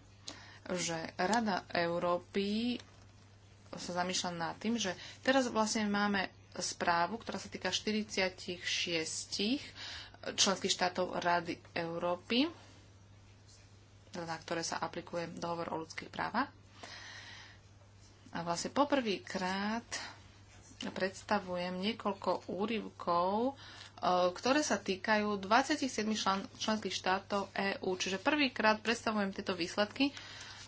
že Rada Európy sa zamýšľa nad tým, že teraz vlastne máme správu, ktorá sa týka 46 členských štátov Rady Európy, na ktoré sa aplikuje dohovor o ľudských právach. A vlastne poprvýkrát predstavujem niekoľko úryvkov, e, ktoré sa týkajú 27 člen- členských štátov EÚ. Čiže prvýkrát predstavujem tieto výsledky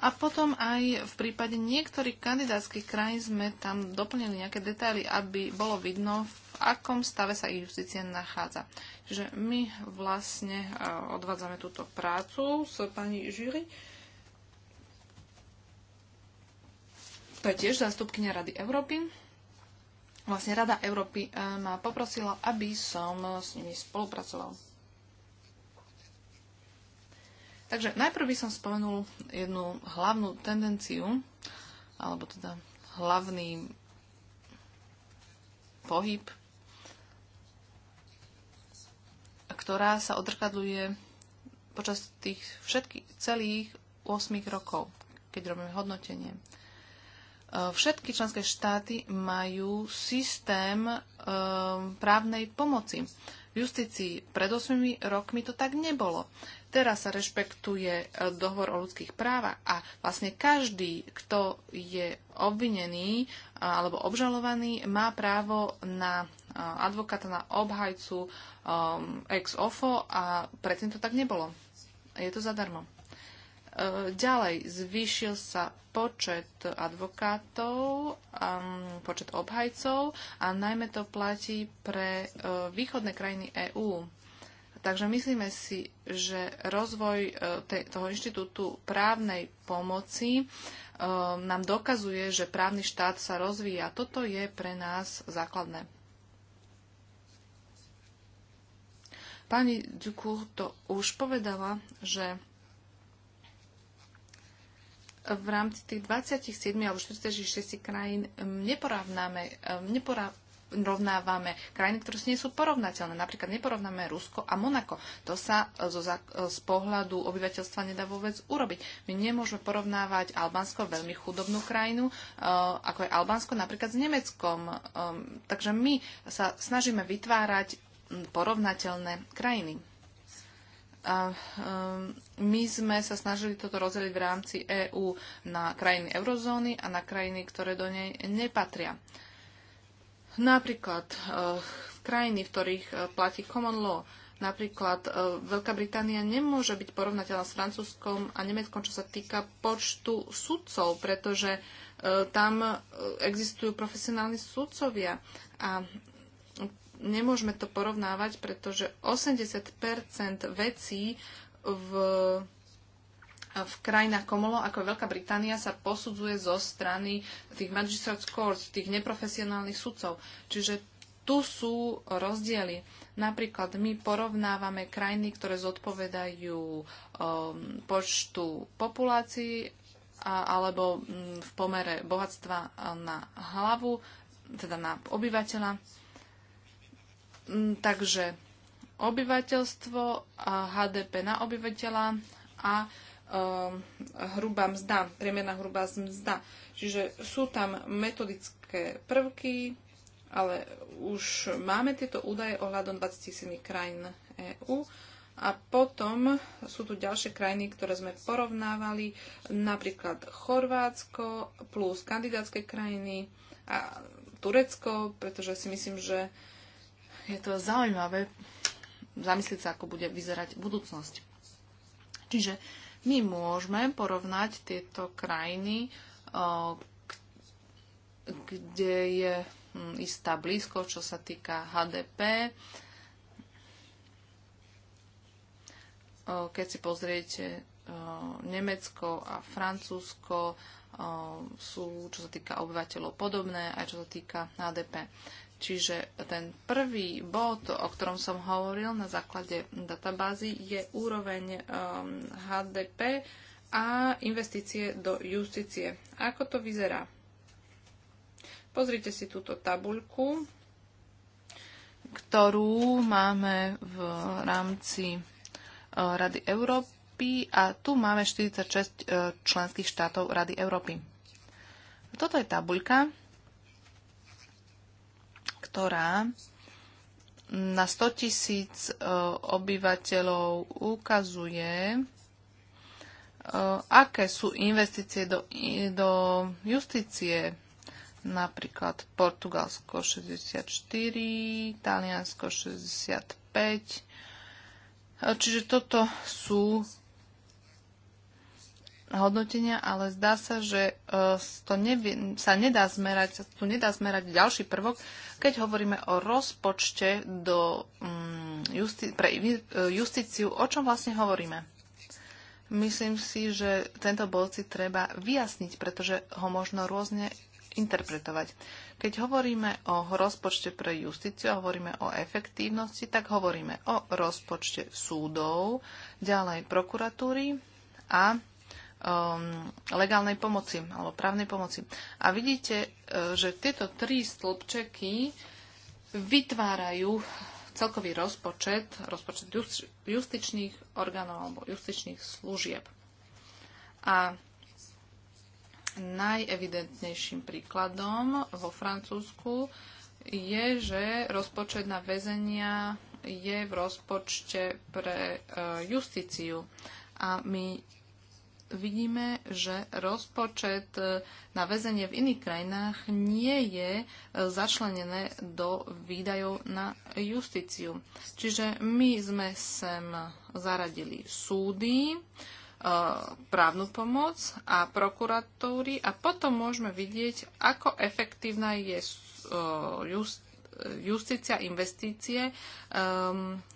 a potom aj v prípade niektorých kandidátskych krajín sme tam doplnili nejaké detaily, aby bolo vidno, v akom stave sa ich justícia nachádza. Čiže my vlastne e, odvádzame túto prácu s pani Žiri. to je tiež zástupkynia Rady Európy. Vlastne Rada Európy e, ma poprosila, aby som e, s nimi spolupracoval. Takže najprv by som spomenul jednu hlavnú tendenciu, alebo teda hlavný pohyb, ktorá sa odrkadľuje počas tých všetkých celých 8 rokov, keď robíme hodnotenie. E, všetky členské štáty majú systém e, právnej pomoci. V justícii pred 8 rokmi to tak nebolo. Teraz sa rešpektuje e, dohovor o ľudských právach a vlastne každý, kto je obvinený alebo obžalovaný, má právo na advokáta, na obhajcu ex ofo a predtým to tak nebolo. Je to zadarmo. E, ďalej zvýšil sa počet advokátov, počet obhajcov a najmä to platí pre e, východné krajiny EÚ. Takže myslíme si, že rozvoj e, toho inštitútu právnej pomoci nám dokazuje, že právny štát sa rozvíja. Toto je pre nás základné. Pani Ducour to už povedala, že v rámci tých 27 alebo 46 krajín neporovnáme, neporovnávame krajiny, ktoré nie sú porovnateľné. Napríklad neporovnáme Rusko a Monako. To sa e, zo, e, z pohľadu obyvateľstva nedá vôbec urobiť. My nemôžeme porovnávať Albánsko, veľmi chudobnú krajinu, e, ako je Albánsko napríklad s Nemeckom. Takže my sa snažíme vytvárať porovnateľné krajiny. A um, my sme sa snažili toto rozdeliť v rámci EÚ na krajiny eurozóny a na krajiny, ktoré do nej nepatria. Napríklad uh, krajiny, v ktorých uh, platí common law, napríklad uh, Veľká Británia nemôže byť porovnateľná s Francúzskom a Nemeckom, čo sa týka počtu sudcov, pretože tam existujú profesionálni sudcovia a nemôžeme to porovnávať, pretože 80 vecí v, v krajinách Komolo, ako je Veľká Británia, sa posudzuje zo strany tých magistrate courts, tých neprofesionálnych sudcov. Čiže tu sú rozdiely. Napríklad my porovnávame krajiny, ktoré zodpovedajú um, počtu populácií a, alebo um, v pomere bohatstva na hlavu, teda na obyvateľa Mm, takže obyvateľstvo, HDP na obyvateľa a ehm, hrubá mzda, priemerná hrubá mzda. Čiže sú tam metodické prvky, ale už máme tieto údaje ohľadom 27 krajín EÚ. A potom sú tu ďalšie krajiny, ktoré sme porovnávali, napríklad Chorvátsko plus kandidátske krajiny a Turecko, pretože si myslím, že je to zaujímavé zamyslieť sa, ako bude vyzerať budúcnosť. Čiže my môžeme porovnať tieto krajiny, kde je hm, istá blízko, čo sa týka HDP. Keď si pozriete Nemecko a Francúzsko, sú, čo sa týka obyvateľov, podobné, aj čo sa týka HDP. Čiže ten prvý bod, o ktorom som hovoril na základe databázy, je úroveň um, HDP a investície do justície. Ako to vyzerá? Pozrite si túto tabuľku, ktorú máme v rámci uh, Rady Európy a tu máme 46 uh, členských štátov Rady Európy. Toto je tabuľka, ktorá na 100 tisíc e, obyvateľov ukazuje, e, aké sú investície do, do justície. Napríklad Portugalsko 64, Taliansko 65. E, čiže toto sú hodnotenia, ale zdá sa, že e, to nevie, sa nedá zmerať, tu nedá zmerať ďalší prvok, keď hovoríme o rozpočte do, mm, justi- pre e, justíciu, o čom vlastne hovoríme. Myslím si, že tento bod si treba vyjasniť, pretože ho možno rôzne interpretovať. Keď hovoríme o rozpočte pre justíciu a hovoríme o efektívnosti, tak hovoríme o rozpočte súdov, ďalej prokuratúry a um, legálnej pomoci alebo právnej pomoci. A vidíte, e, že tieto tri stĺpčeky vytvárajú celkový rozpočet, rozpočet justičných orgánov alebo justičných služieb. A najevidentnejším príkladom vo Francúzsku je, že rozpočet na väzenia je v rozpočte pre e, justíciu. A my vidíme, že rozpočet e, na väzenie v iných krajinách nie je e, začlenené do výdajov na justíciu. Čiže my sme sem zaradili súdy, e, právnu pomoc a prokuratúry a potom môžeme vidieť, ako efektívna je justícia investície,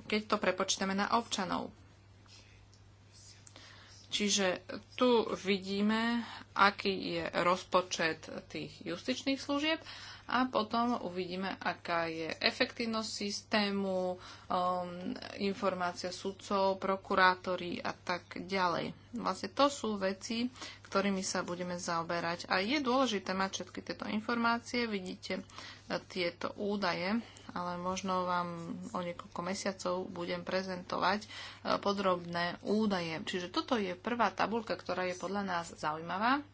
keď to prepočítame na občanov. Čiže tu vidíme, aký je rozpočet tých justičných služieb a potom uvidíme, aká je efektívnosť systému, um, informácia sudcov, prokurátori a tak ďalej. Vlastne to sú veci, ktorými sa budeme zaoberať. A je dôležité mať všetky tieto informácie, vidíte e, tieto údaje ale možno vám o niekoľko mesiacov budem prezentovať e, podrobné údaje. Čiže toto je prvá tabulka, ktorá je podľa nás zaujímavá.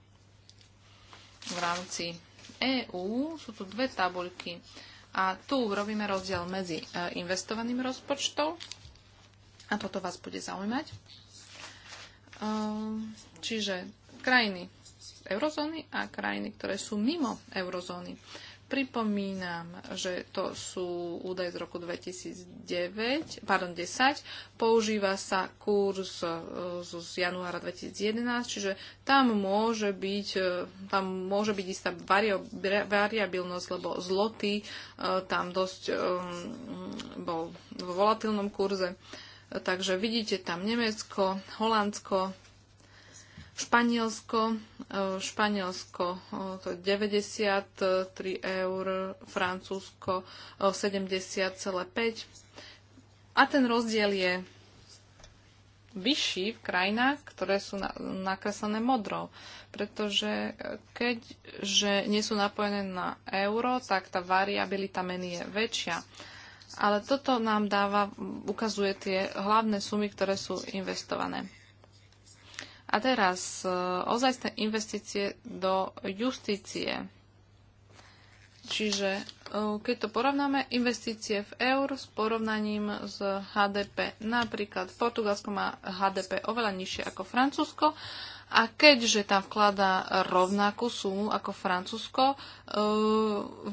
V rámci EÚ sú tu dve tabuľky a tu robíme rozdiel medzi e, investovaným rozpočtom a toto vás bude zaujímať. E, čiže krajiny eurozóny a krajiny, ktoré sú mimo eurozóny. Pripomínam, že to sú údaje z roku 2009, pardon, 10. Používa sa kurz e, z, januára 2011, čiže tam môže byť, e, tam môže byť istá variabilnosť, lebo zloty e, tam dosť bol v volatilnom kurze. Takže vidíte tam Nemecko, Holandsko, Španielsko, eh, Španielsko eh, to 93 eur, Francúzsko 70,5. Eh, A ten rozdiel je vyšší v krajinách, ktoré sú nakreslené modrou. Pretože keď že nie sú napojené na euro, tak tá variabilita meny je väčšia. Ale toto nám dáva, ukazuje tie hlavné sumy, ktoré sú investované. A teraz eh, ozajstné investície do justície. Čiže eh, keď to porovnáme, investície v eur s porovnaním s HDP. Napríklad Portugalsko má HDP oveľa nižšie ako Francúzsko a keďže tam vkladá rovnakú sumu ako Francúzsko, e,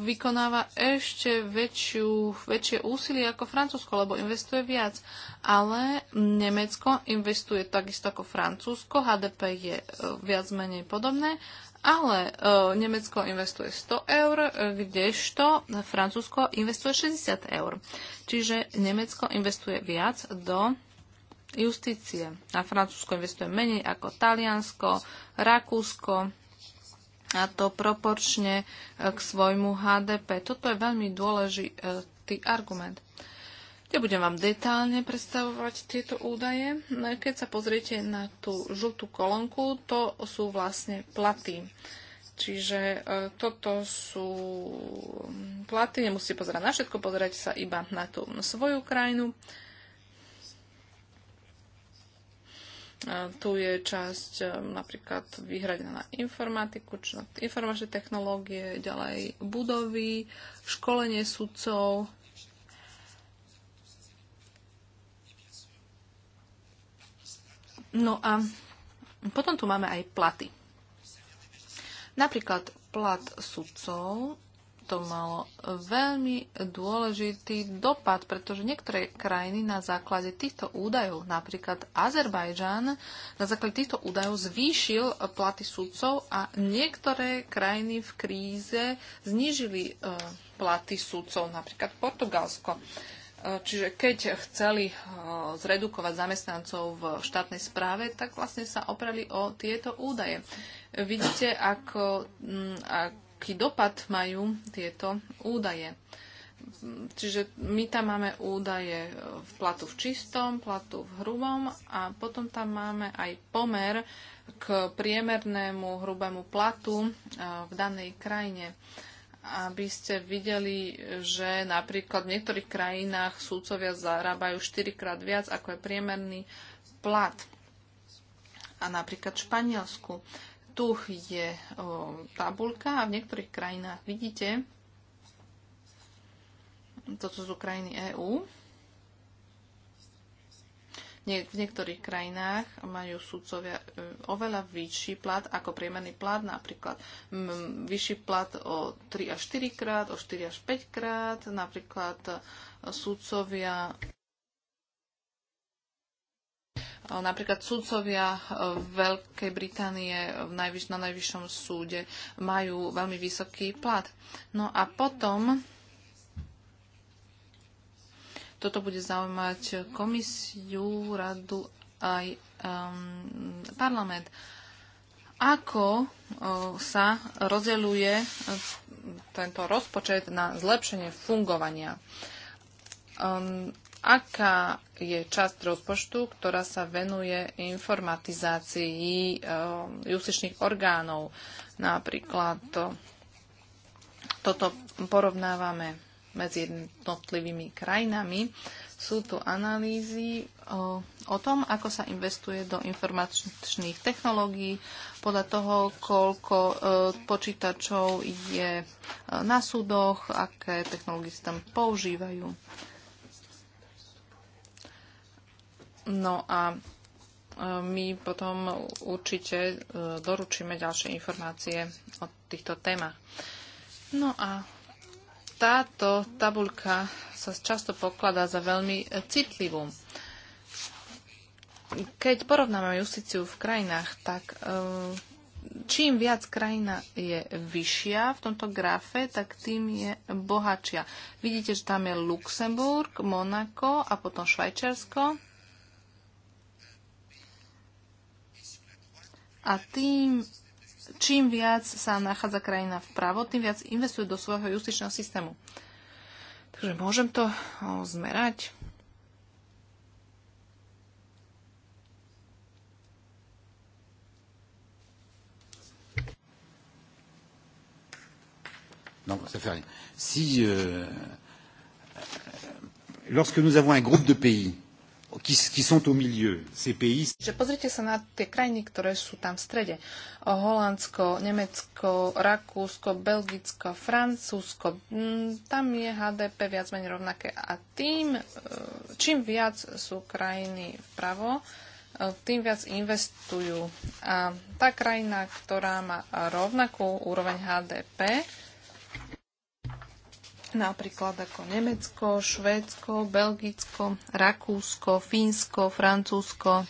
vykonáva ešte väčšiu, väčšie úsilie ako Francúzsko, lebo investuje viac. Ale Nemecko investuje takisto ako Francúzsko, HDP je e, viac menej podobné, ale e, Nemecko investuje 100 eur, kdežto Francúzsko investuje 60 eur. Čiže Nemecko investuje viac do justície. Na Francúzsko investuje menej ako Taliansko, Rakúsko a to proporčne e, k svojmu HDP. Toto je veľmi dôležitý e, argument. Nebudem vám detálne predstavovať tieto údaje. No, keď sa pozriete na tú žltú kolónku, to sú vlastne platy. Čiže e, toto sú platy, nemusíte pozerať na všetko, pozerať sa iba na tú svoju krajinu. Tu je časť e, napríklad vyhradená na informatiku, či na informačné technológie, ďalej budovy, školenie sudcov. No a potom tu máme aj platy. Napríklad plat sudcov to malo veľmi dôležitý dopad, pretože niektoré krajiny na základe týchto údajov, napríklad Azerbajdžan, na základe týchto údajov zvýšil platy sudcov a niektoré krajiny v kríze znížili e, platy sudcov, napríklad Portugalsko. E, čiže keď chceli e, zredukovať zamestnancov v štátnej správe, tak vlastne sa oprali o tieto údaje. Vidíte, ako, ako aký dopad majú tieto údaje. Čiže my tam máme údaje v platu v čistom, platu v hrubom a potom tam máme aj pomer k priemernému hrubému platu v danej krajine. Aby ste videli, že napríklad v niektorých krajinách súcovia zarábajú 4 krát viac ako je priemerný plat. A napríklad v Španielsku tu je o, tabulka a v niektorých krajinách vidíte, toto sú krajiny EÚ. V niektorých krajinách majú sudcovia e, oveľa vyšší plat ako priemerný plat, napríklad vyšší plat o 3 až 4 krát, o 4 až 5 krát, napríklad e, sudcovia Napríklad sudcovia eh, Veľkej Británie eh, na najvyššom súde majú veľmi vysoký plat. No a potom toto bude zaujímať komisiu, radu aj um, parlament. Ako uh, sa rozdeľuje tento rozpočet na zlepšenie fungovania? Um, aká je časť rozpočtu, ktorá sa venuje informatizácii eh, justičných orgánov. Napríklad to, eh, toto porovnávame medzi jednotlivými krajinami. Sú tu analýzy o, eh, o tom, ako sa investuje do informačných technológií, podľa toho, koľko e, počítačov je na súdoch, aké technológie sa tam používajú. No a e, my potom určite e, doručíme ďalšie informácie o týchto témach. No a táto tabuľka sa často pokladá za veľmi e, citlivú. Keď porovnáme justíciu v krajinách, tak čím viac krajina je vyššia v tomto grafe, tak tým je bohatšia. Vidíte, že tam je Luxemburg, Monako a potom Švajčiarsko a tým, čím viac sa nachádza krajina vpravo, tým viac investuje do svojho justičného systému. Takže môžem to zmerať. Non, ça fait rien. Si, euh, lorsque nous avons un groupe de pays qui, qui sont au milieu, ces pays. Že pozrite sa na tie krajiny, ktoré sú tam v strede. O Holandsko, Nemecko, Rakúsko, Belgicko, Francúzsko. Mm, tam je HDP viac menej rovnaké. A tým, e, čím viac sú krajiny vpravo, e, tým viac investujú. A tá krajina, ktorá má rovnakú úroveň HDP, napríklad ako Nemecko, Švédsko, Belgicko, Rakúsko, Fínsko, Francúzsko,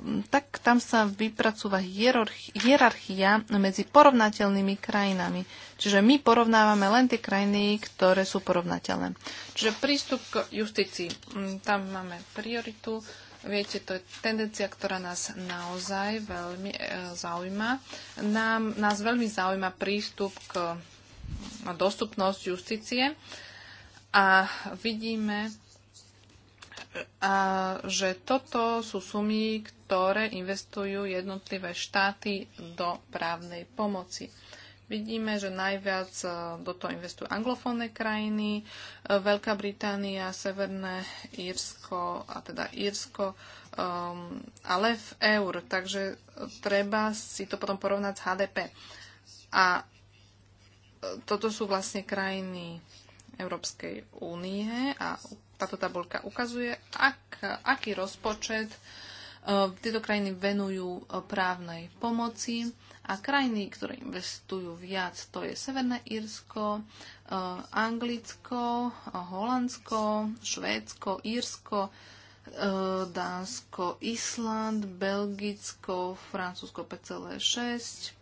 mm, tak tam sa vypracúva hierarchia medzi porovnateľnými krajinami. Čiže my porovnávame len tie krajiny, ktoré sú porovnateľné. Čiže prístup k justícii. Mm, tam máme prioritu. Viete, to je tendencia, ktorá nás naozaj veľmi e, zaujíma. Nám, nás veľmi zaujíma prístup k dostupnosť justície a vidíme, e, a že toto sú sumy, ktoré investujú jednotlivé štáty do právnej pomoci. Vidíme, že najviac e, do toho investujú anglofónne krajiny, e, Veľká Británia, Severné Írsko, a teda Írsko, um, ale v eur, takže treba si to potom porovnať s HDP. A toto sú vlastne krajiny Európskej únie a táto tabulka ukazuje, ak, aký rozpočet e, tieto krajiny venujú právnej pomoci a krajiny, ktoré investujú viac, to je Severné Írsko, e, Anglicko, Holandsko, Švédsko, Írsko, e, Dánsko, Island, Belgicko, Francúzsko 5,6,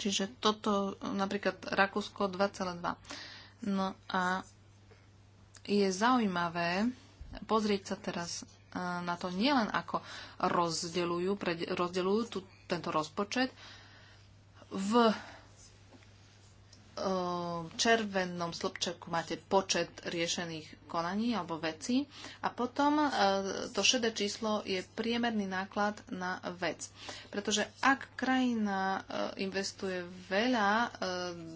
Čiže toto napríklad Rakúsko 2,2. No a je zaujímavé pozrieť sa teraz e, na to nielen ako rozdeľujú, rozdeľujú tento rozpočet v červenom slobčeku máte počet riešených konaní alebo vecí a potom e, to šedé číslo je priemerný náklad na vec. Pretože ak krajina e, investuje veľa e,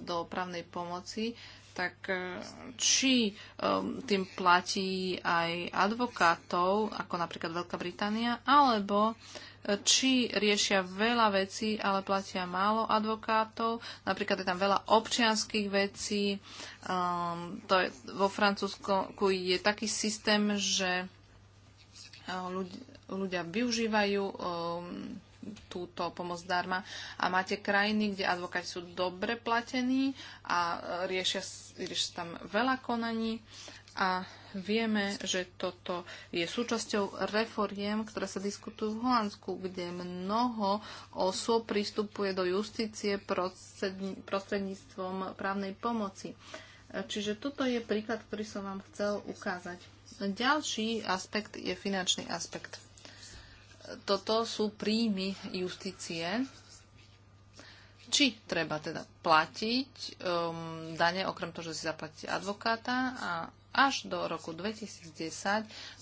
do právnej pomoci, tak či tým platí aj advokátov, ako napríklad Veľká Británia, alebo či riešia veľa vecí, ale platia málo advokátov. Napríklad je tam veľa občianských vecí. Um, to je, vo Francúzsku je taký systém, že eh, ľudia, ľudia využívajú um, túto pomoc darma a máte krajiny, kde advokáti sú dobre platení a eh, riešia, riešia tam veľa konaní a vieme, že toto je súčasťou reforiem, ktoré sa diskutujú v Holandsku, kde mnoho osôb pristupuje do justície prostredníctvom právnej pomoci. Čiže toto je príklad, ktorý som vám chcel ukázať. Ďalší aspekt je finančný aspekt. Toto sú príjmy justície. Či treba teda platiť um, dane, okrem toho, že si zaplatíte advokáta a až do roku 2010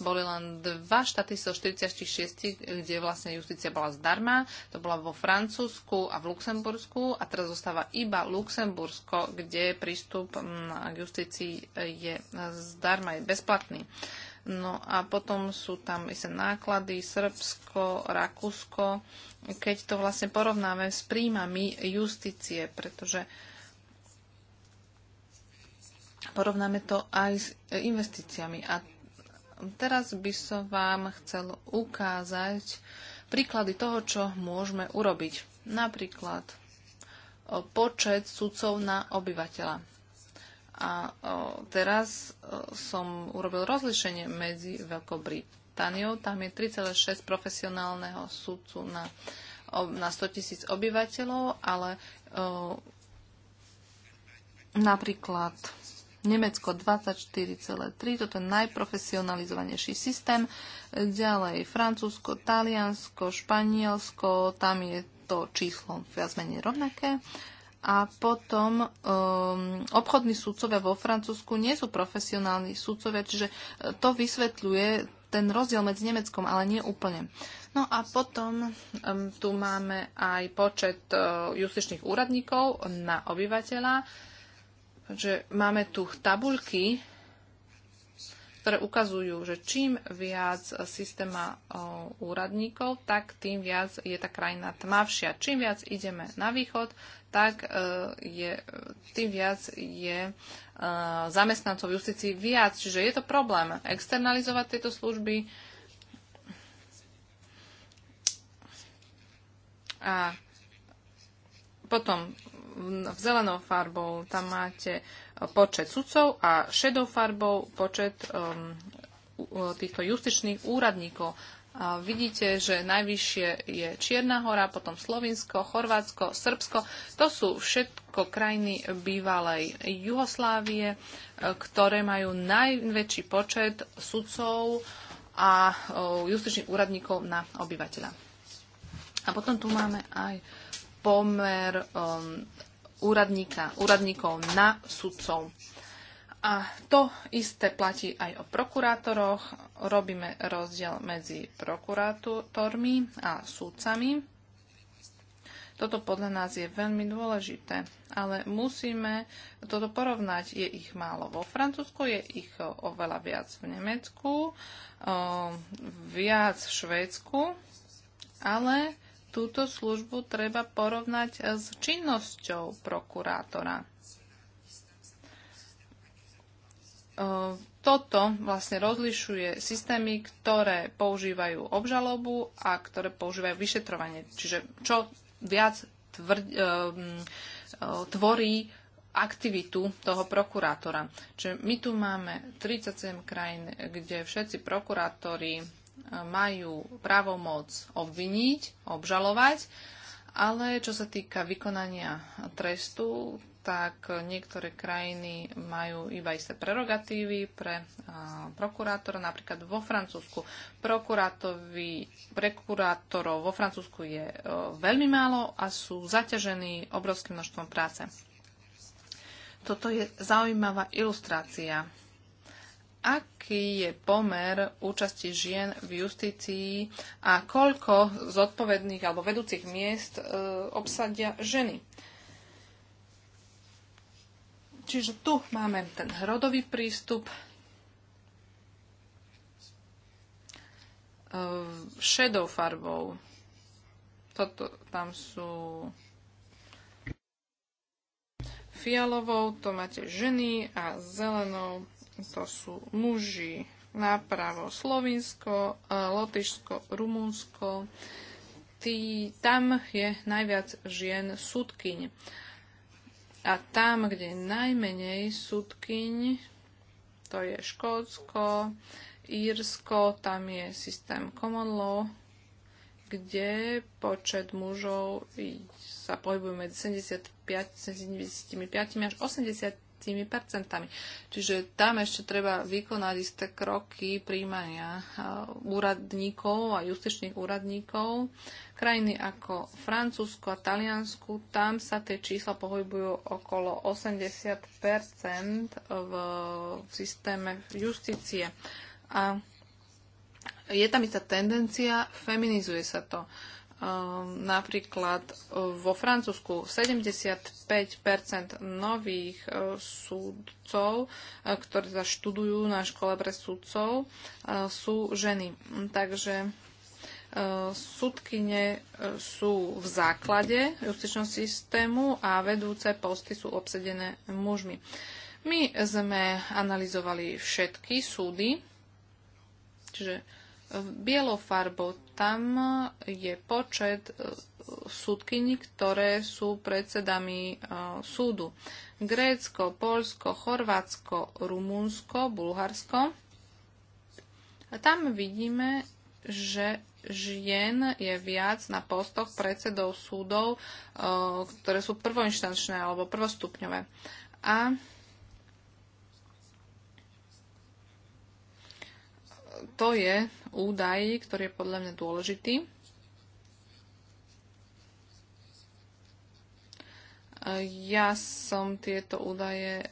boli len dva štáty zo so 46, kde vlastne justícia bola zdarma. To bola vo Francúzsku a v Luxembursku a teraz zostáva iba Luxembursko, kde prístup mm, k justícii je zdarma, je bezplatný. No a potom sú tam isté náklady Srbsko, Rakúsko, keď to vlastne porovnáme s príjmami justície, pretože uh, porovnáme to aj s e, investíciami. A teraz by som vám chcel ukázať príklady toho, čo môžeme urobiť. Napríklad počet sudcov na obyvateľa. A teraz som urobil rozlišenie medzi Veľkou Britániou. Tam je 3,6 profesionálneho sudcu na, na 100 tisíc obyvateľov, ale napríklad Nemecko 24,3, toto je najprofesionalizovanejší systém. Ďalej Francúzsko, Taliansko, Španielsko, tam je to číslo viac menej rovnaké. A potom um, obchodní sudcovia vo Francúzsku nie sú profesionálni sudcovia, čiže e, to vysvetľuje ten rozdiel medzi Nemeckom, ale nie úplne. No a potom um, tu máme aj počet uh, justičných úradníkov na obyvateľa že máme tu tabuľky, ktoré ukazujú, že čím viac systém má úradníkov, tak tým viac je tá krajina tmavšia. Čím viac ideme na východ, tak e, je, tým viac je e, zamestnancov v justícii viac. Čiže je to problém externalizovať tieto služby a potom zelenou farbou tam máte e, počet sudcov a šedou farbou počet um, týchto justičných úradníkov. A vidíte, že najvyššie je Čierna hora, potom Slovinsko, Chorvátsko, Srbsko. To sú všetko krajiny bývalej Juhoslávie, e, ktoré majú najväčší počet sudcov a e, justičných úradníkov na obyvateľa. A potom tu máme aj pomer um, úradníka, úradníkov na sudcov. A to isté platí aj o prokurátoroch. Robíme rozdiel medzi prokurátormi a sudcami. Toto podľa nás je veľmi dôležité, ale musíme toto porovnať. Je ich málo vo Francúzsku, je ich oveľa viac v Nemecku, um, viac v Švédsku, ale túto službu treba porovnať eh, s činnosťou prokurátora. Eh, toto vlastne rozlišuje systémy, ktoré používajú obžalobu a ktoré používajú vyšetrovanie. Čiže čo viac tvrd, eh, mm, tvorí aktivitu toho prokurátora. Čiže my tu máme 37 krajín, kde všetci prokurátori majú právomoc obviniť, obžalovať, ale čo sa týka vykonania trestu, tak niektoré krajiny majú iba isté prerogatívy pre prokurátora. Napríklad vo Francúzsku prokurátorov vo Francúzsku je e, veľmi málo a sú zaťažení obrovským množstvom práce. Toto je zaujímavá ilustrácia aký je pomer účasti žien v justícii a koľko zodpovedných alebo vedúcich miest e, obsadia ženy. Čiže tu máme ten rodový prístup, e, šedou farbou. Toto tam sú fialovou, to máte ženy a zelenou to sú muži napravo Slovinsko, e, Lotyšsko, Rumunsko. Tý, tam je najviac žien sudkyň. A tam, kde je najmenej sudkyň, to je Škótsko, Írsko, tam je systém common law, kde počet mužov sa pohybuje medzi 75, 75 až 85 tými percentami. Čiže tam ešte treba vykonať isté kroky príjmania úradníkov a justičných úradníkov. Krajiny ako Francúzsko a Taliansku, tam sa tie čísla pohybujú okolo 80 v, v systéme justície. A je tam istá tendencia, feminizuje sa to. Uh, Ehm, napríklad eh, vo Francúzsku 75 nových eh, súdcov, eh, ktorí teda študujú na škole pre súdcov, sú ženy. Takže súdkyne sú v základe justičného systému a vedúce posty sú obsedené mužmi. My sme analyzovali všetky súdy, čiže bielou farbou tam je počet e, súdkyní, ktoré sú predsedami e, súdu. Grécko, Polsko, Chorvátsko, Rumunsko, Bulharsko. A tam vidíme, že žien je viac na postoch predsedov súdov, e, ktoré sú prvoinštančné alebo prvostupňové. A to je údaj, ktorý je podľa mňa dôležitý. Ja som tieto údaje e,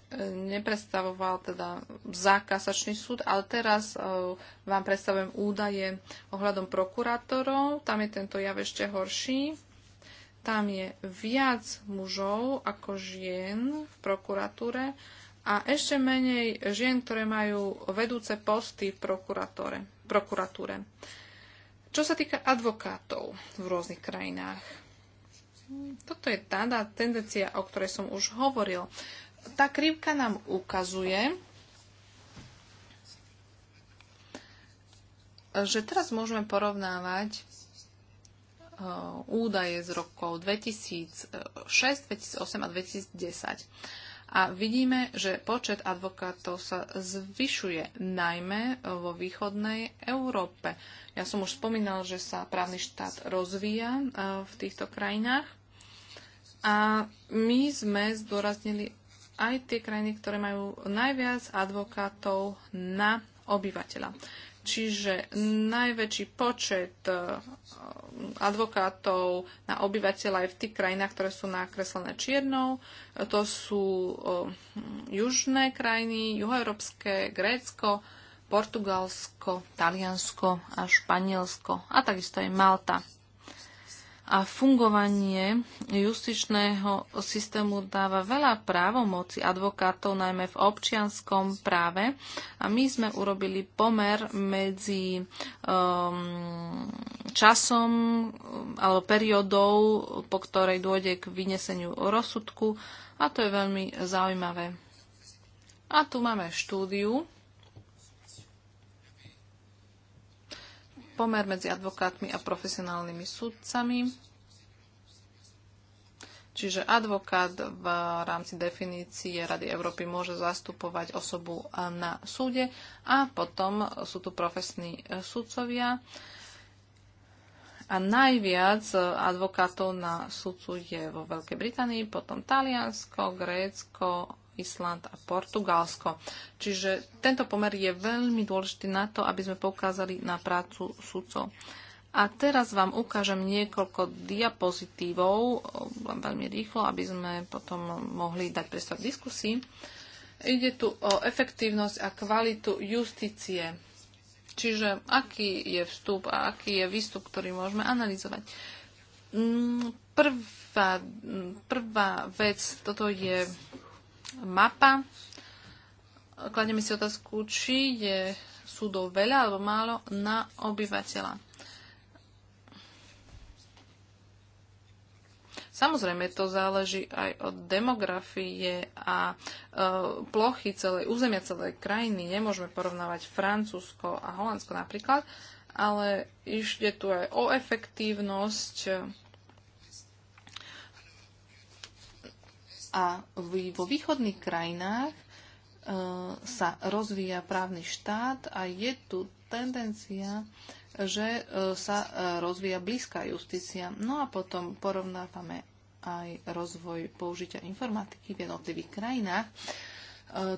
nepredstavoval teda za kasačný súd, ale teraz e, vám predstavujem údaje ohľadom prokurátorov. Tam je tento jav ešte horší. Tam je viac mužov ako žien v prokuratúre a ešte menej žien, ktoré majú vedúce posty v prokuratúre. Čo sa týka advokátov v rôznych krajinách, toto je tá tendencia, o ktorej som už hovoril. Tá krivka nám ukazuje, že teraz môžeme porovnávať eh, údaje z rokov 2006, 2008 a 2010 a vidíme, že počet advokátov sa zvyšuje, najmä vo východnej Európe. Ja som už spomínal, že sa právny štát rozvíja e, v týchto krajinách. A my sme zdôraznili aj tie krajiny, ktoré majú najviac advokátov na obyvateľa. Čiže najväčší počet e, advokátov na obyvateľa je v tých krajinách, ktoré sú nakreslené čiernou. E, to sú e, južné krajiny, juhoeurópske, Grécko, Portugalsko, Taliansko a Španielsko a takisto aj Malta a fungovanie justičného systému dáva veľa právomoci advokátov, najmä v občianskom práve. A my sme urobili pomer medzi um, časom alebo periodou, po ktorej dôjde k vyneseniu rozsudku a to je veľmi zaujímavé. A tu máme štúdiu pomer medzi advokátmi a profesionálnymi sudcami. Čiže advokát v rámci definície Rady Európy môže zastupovať osobu na súde a potom sú tu profesní sudcovia. A najviac advokátov na sudcu je vo Veľkej Británii, potom Taliansko, Grécko, Island a Portugalsko. Čiže tento pomer je veľmi dôležitý na to, aby sme poukázali na prácu sudcov. A teraz vám ukážem niekoľko diapozitívov, veľmi rýchlo, aby sme potom mohli dať priestor diskusii. Ide tu o efektívnosť a kvalitu justície. Čiže aký je vstup a aký je výstup, ktorý môžeme analyzovať. Mm, prvá, prvá vec, toto je mapa. Kladieme si otázku, či je súdov veľa alebo málo na obyvateľa. Samozrejme, to záleží aj od demografie a e, plochy celej územia, celej krajiny. Nemôžeme porovnávať Francúzsko a Holandsko napríklad, ale ide tu aj o efektívnosť a vo východných krajinách e, sa rozvíja právny štát a je tu tendencia, že e, sa e, rozvíja blízka justícia. No a potom porovnávame aj rozvoj použitia informatiky v jednotlivých krajinách.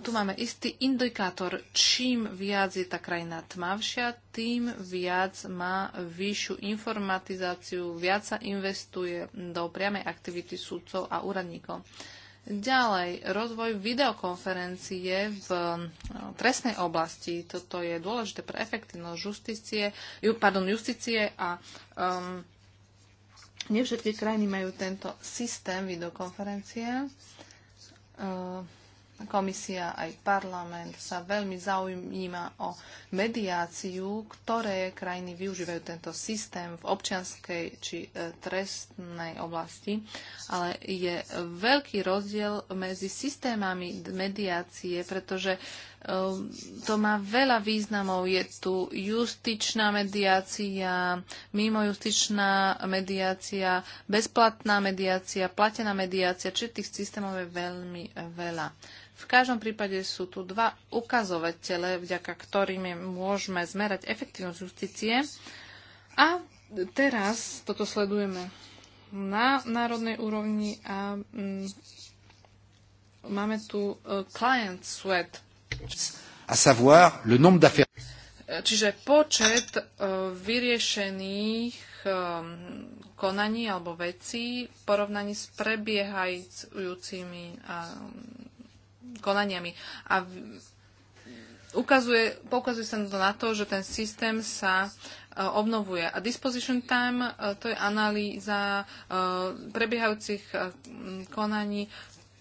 Tu máme istý indikátor. Čím viac je tá krajina tmavšia, tým viac má vyššiu informatizáciu, viac sa investuje do priamej aktivity súdcov a úradníkov. Ďalej, rozvoj videokonferencie v no, trestnej oblasti. Toto je dôležité pre efektívnosť justície, pardon, justície a um, nevšetky všetky krajiny majú tento systém videokonferencie. Uh, komisia aj parlament sa veľmi zaujíma o mediáciu, ktoré krajiny využívajú tento systém v občianskej či e, trestnej oblasti, ale je veľký rozdiel medzi systémami mediácie, pretože Ehm, to má veľa významov. Je tu justičná mediácia, mimojustičná mediácia, bezplatná mediácia, platená mediácia, či tých systémov je veľmi eh, veľa. V každom prípade sú tu dva ukazovatele, vďaka ktorým môžeme zmerať efektívnosť justície. A teraz toto sledujeme na národnej úrovni a mm, máme tu uh, client sweat a savoir le nombre d'affaires. Čiže počet e, vyriešených e, konaní alebo vecí v porovnaní s prebiehajúcimi e, konaniami. A ukazuje, poukazuje sa na to, že ten systém sa obnovuje. A disposition time to je analýza prebiehajúcich konaní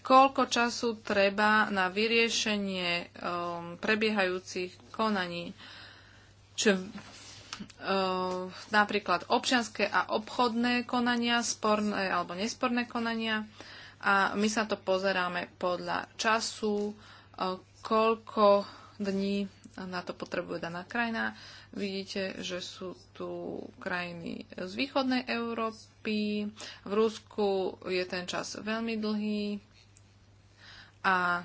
koľko času treba na vyriešenie um, prebiehajúcich konaní. Čo, um, napríklad občianské a obchodné konania, sporné alebo nesporné konania. A my sa to pozeráme podľa času, um, koľko dní na to potrebuje daná krajina. Vidíte, že sú tu krajiny z východnej Európy. V Rusku je ten čas veľmi dlhý, a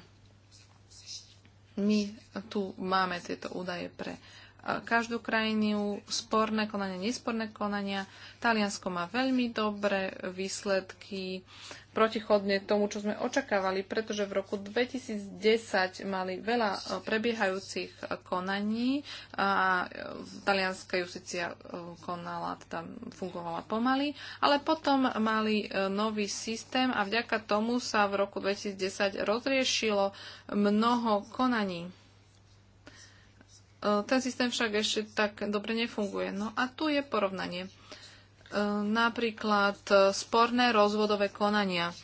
my tu máme tieto údaje pre e, každú krajinu, sporné konania, nesporné konania. Taliansko má veľmi dobré výsledky protichodne tomu, čo sme očakávali, pretože v roku 2010 mali veľa e, prebiehajúcich e, konaní a e, talianská justícia konala, teda fungovala pomaly, ale potom mali nový systém a vďaka tomu sa v roku 2010 rozriešilo mnoho konaní. Ten systém však ešte tak dobre nefunguje. No a tu je porovnanie. E, napríklad e, sporné rozvodové konania. E,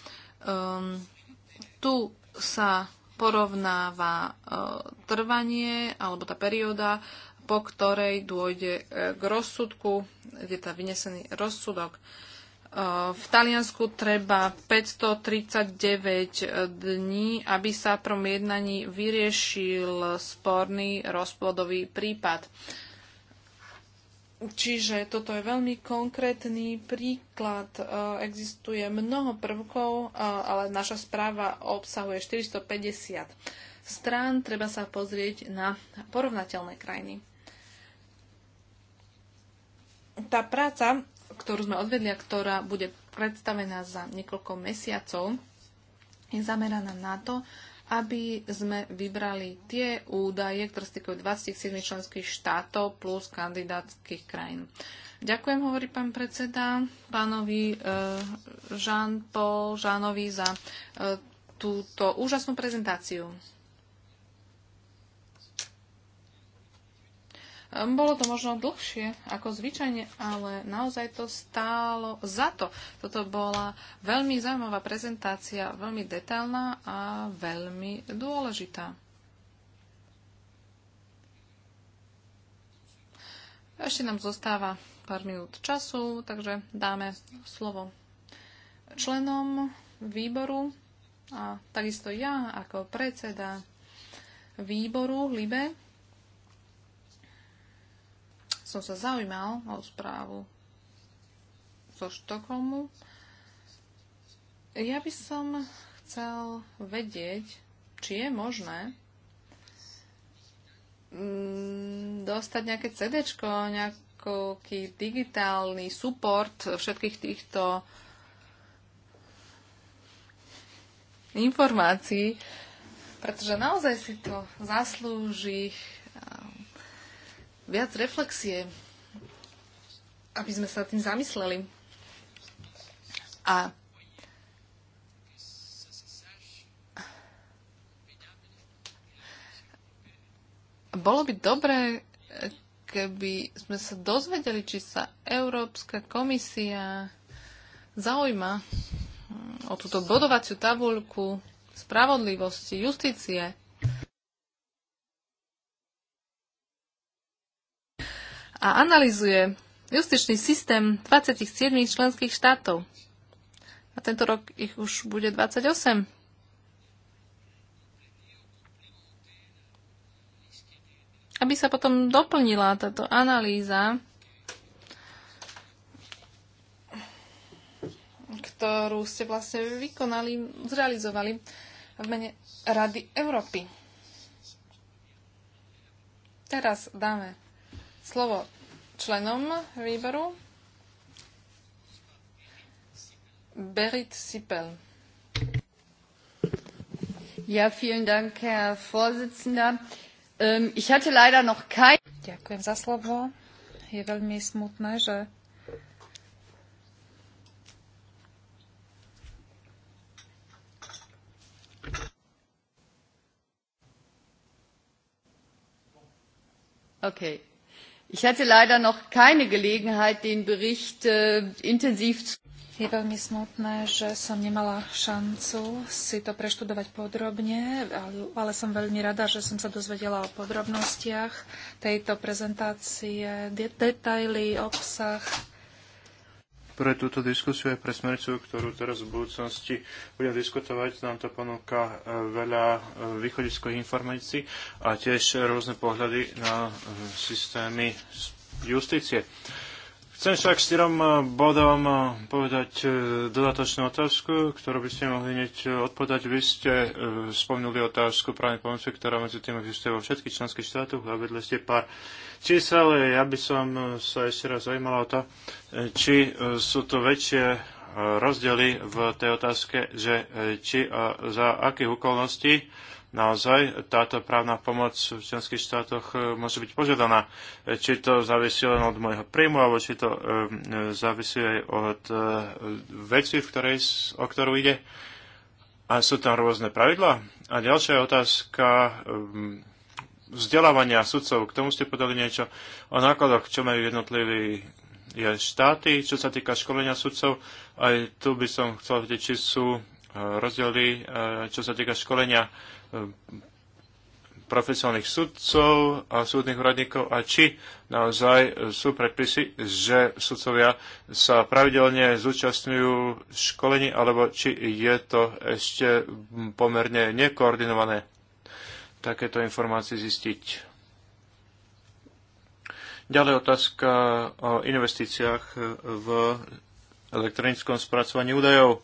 tu sa porovnáva trvanie alebo tá perióda, po ktorej dôjde k rozsudku, kde tá vynesený rozsudok. V Taliansku treba 539 dní, aby sa prom jednaní vyriešil sporný rozplodový prípad. Čiže toto je veľmi konkrétny príklad. E, existuje mnoho prvkov, e, ale naša správa obsahuje 450 strán. Treba sa pozrieť na porovnateľné krajiny. Tá práca, ktorú sme odvedli a ktorá bude predstavená za niekoľko mesiacov, je zameraná na to, aby sme vybrali tie údaje, ktoré týkajú 27 členských štátov plus kandidátskych krajín. Ďakujem, hovorí pán predseda, pánovi eh, Jean-Paul Žánovi za eh, túto úžasnú prezentáciu. Bolo to možno dlhšie ako zvyčajne, ale naozaj to stálo za to. Toto bola veľmi zaujímavá prezentácia, veľmi detailná a veľmi dôležitá. Ešte nám zostáva pár minút času, takže dáme slovo členom výboru a takisto ja ako predseda výboru LIBE som sa zaujímal o správu zo Štokomu. Ja by som chcel vedieť, či je možné mm, dostať nejaké CD, nejaký digitálny support všetkých týchto informácií, pretože naozaj si to zaslúži viac reflexie, aby sme sa tým zamysleli. A bolo by dobré, keby sme sa dozvedeli, či sa Európska komisia zaujíma hm, o túto bodovaciu tabuľku spravodlivosti, justície. a analizuje justičný systém 27 členských štátov. A tento rok ich už bude 28. Aby sa potom doplnila táto analýza, ktorú ste vlastne vykonali, zrealizovali v mene Rady Európy. Teraz dáme slovo členom výboru. Berit Sipel. Ja, vielen Dank, Herr Vorsitzender. Um, ich hatte leider noch kein... Ďakujem za slovo. Je veľmi smutné, že Okay. Ich hatte leider noch keine Gelegenheit, den Bericht äh, intensiv zu je veľmi smutné, že som nemala šancu si to preštudovať podrobne, ale som veľmi rada, že som sa dozvedela o podrobnostiach tejto prezentácie, detaily, obsah pre túto diskusiu aj pre smernicu, ktorú teraz v budúcnosti budem diskutovať. Nám to ponúka e, veľa e, východiskových informácií a tiež rôzne pohľady na e, systémy justície. Chcem však týrom bodom povedať dodatočnú otázku, ktorú by ste mohli hneď odpovedať. Vy ste spomnuli otázku právnej pomoci, ktorá medzi tým existuje vo všetkých členských štátoch a vedli ste pár ale, Ja by som sa ešte raz zaujímala o to, či sú to väčšie e, rozdiely v tej otázke, že e, či a e, za akých okolností naozaj táto právna pomoc v členských štátoch môže byť požiadaná. Či to závisí len od môjho príjmu, alebo či to závisí aj od veci, v ktorej, o ktorú ide. A sú tam rôzne pravidlá. A ďalšia otázka vzdelávania sudcov. K tomu ste podali niečo o nákladoch, čo majú jednotliví štáty, čo sa týka školenia sudcov. Aj tu by som chcel vedieť, či sú e, rozdiely, e, čo sa týka školenia e, profesionálnych sudcov a súdnych radníkov a či naozaj sú predpisy, že sudcovia sa pravidelne zúčastňujú školení, alebo či je to ešte pomerne nekoordinované takéto informácie zistiť. Ďalej otázka o investíciách v elektronickom spracovaní údajov.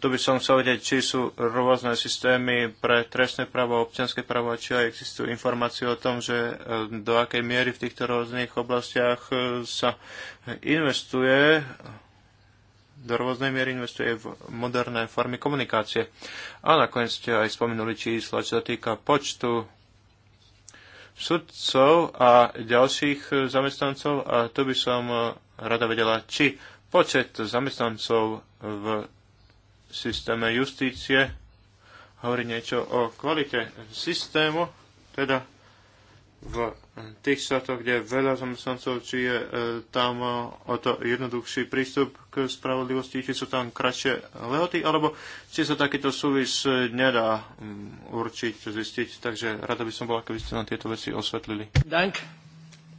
Tu by som chcel vedieť, či sú rôzne systémy pre trestné právo a občianské právo, či aj existujú informácie o tom, že e, do akej miery v týchto rôznych oblastiach e, sa investuje do rôznej miery investuje v moderné formy komunikácie. A nakoniec ste aj spomenuli čísla, čo sa týka počtu sudcov a ďalších zamestnancov a tu by som eh, rada vedela, či počet zamestnancov v systéme justície hovorí niečo o kvalite systému, teda v tých štátoch, kde je veľa zamestnancov, či je e, tam e, o to jednoduchší prístup k spravodlivosti, či sú tam kratšie lehoty, alebo či sa takýto súvis e, nedá m, mm, určiť, zistiť. Takže rada by som bola, keby ste nám tieto veci osvetlili. Dank.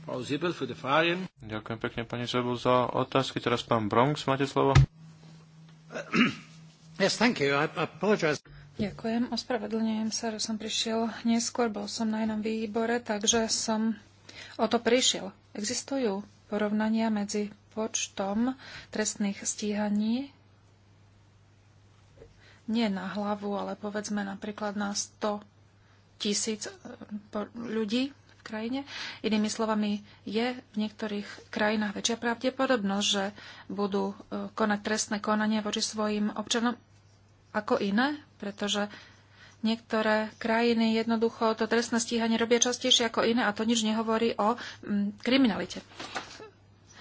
Ďakujem pekne, pani Zebel, za otázky. Teraz pán Bronx, máte slovo. yes, thank you. I, I apologize. Ďakujem. Ospravedlňujem sa, že som prišiel neskôr. Bol som na inom výbore, takže som o to prišiel. Existujú porovnania medzi počtom trestných stíhaní nie na hlavu, ale povedzme napríklad na 100 tisíc e, ľudí v krajine. Inými slovami, je v niektorých krajinách väčšia pravdepodobnosť, že budú e, konať trestné konanie voči svojim občanom, ako iné, pretože niektoré krajiny jednoducho to trestné stíhanie robia častejšie ako iné a to nič nehovorí o mm, kriminalite.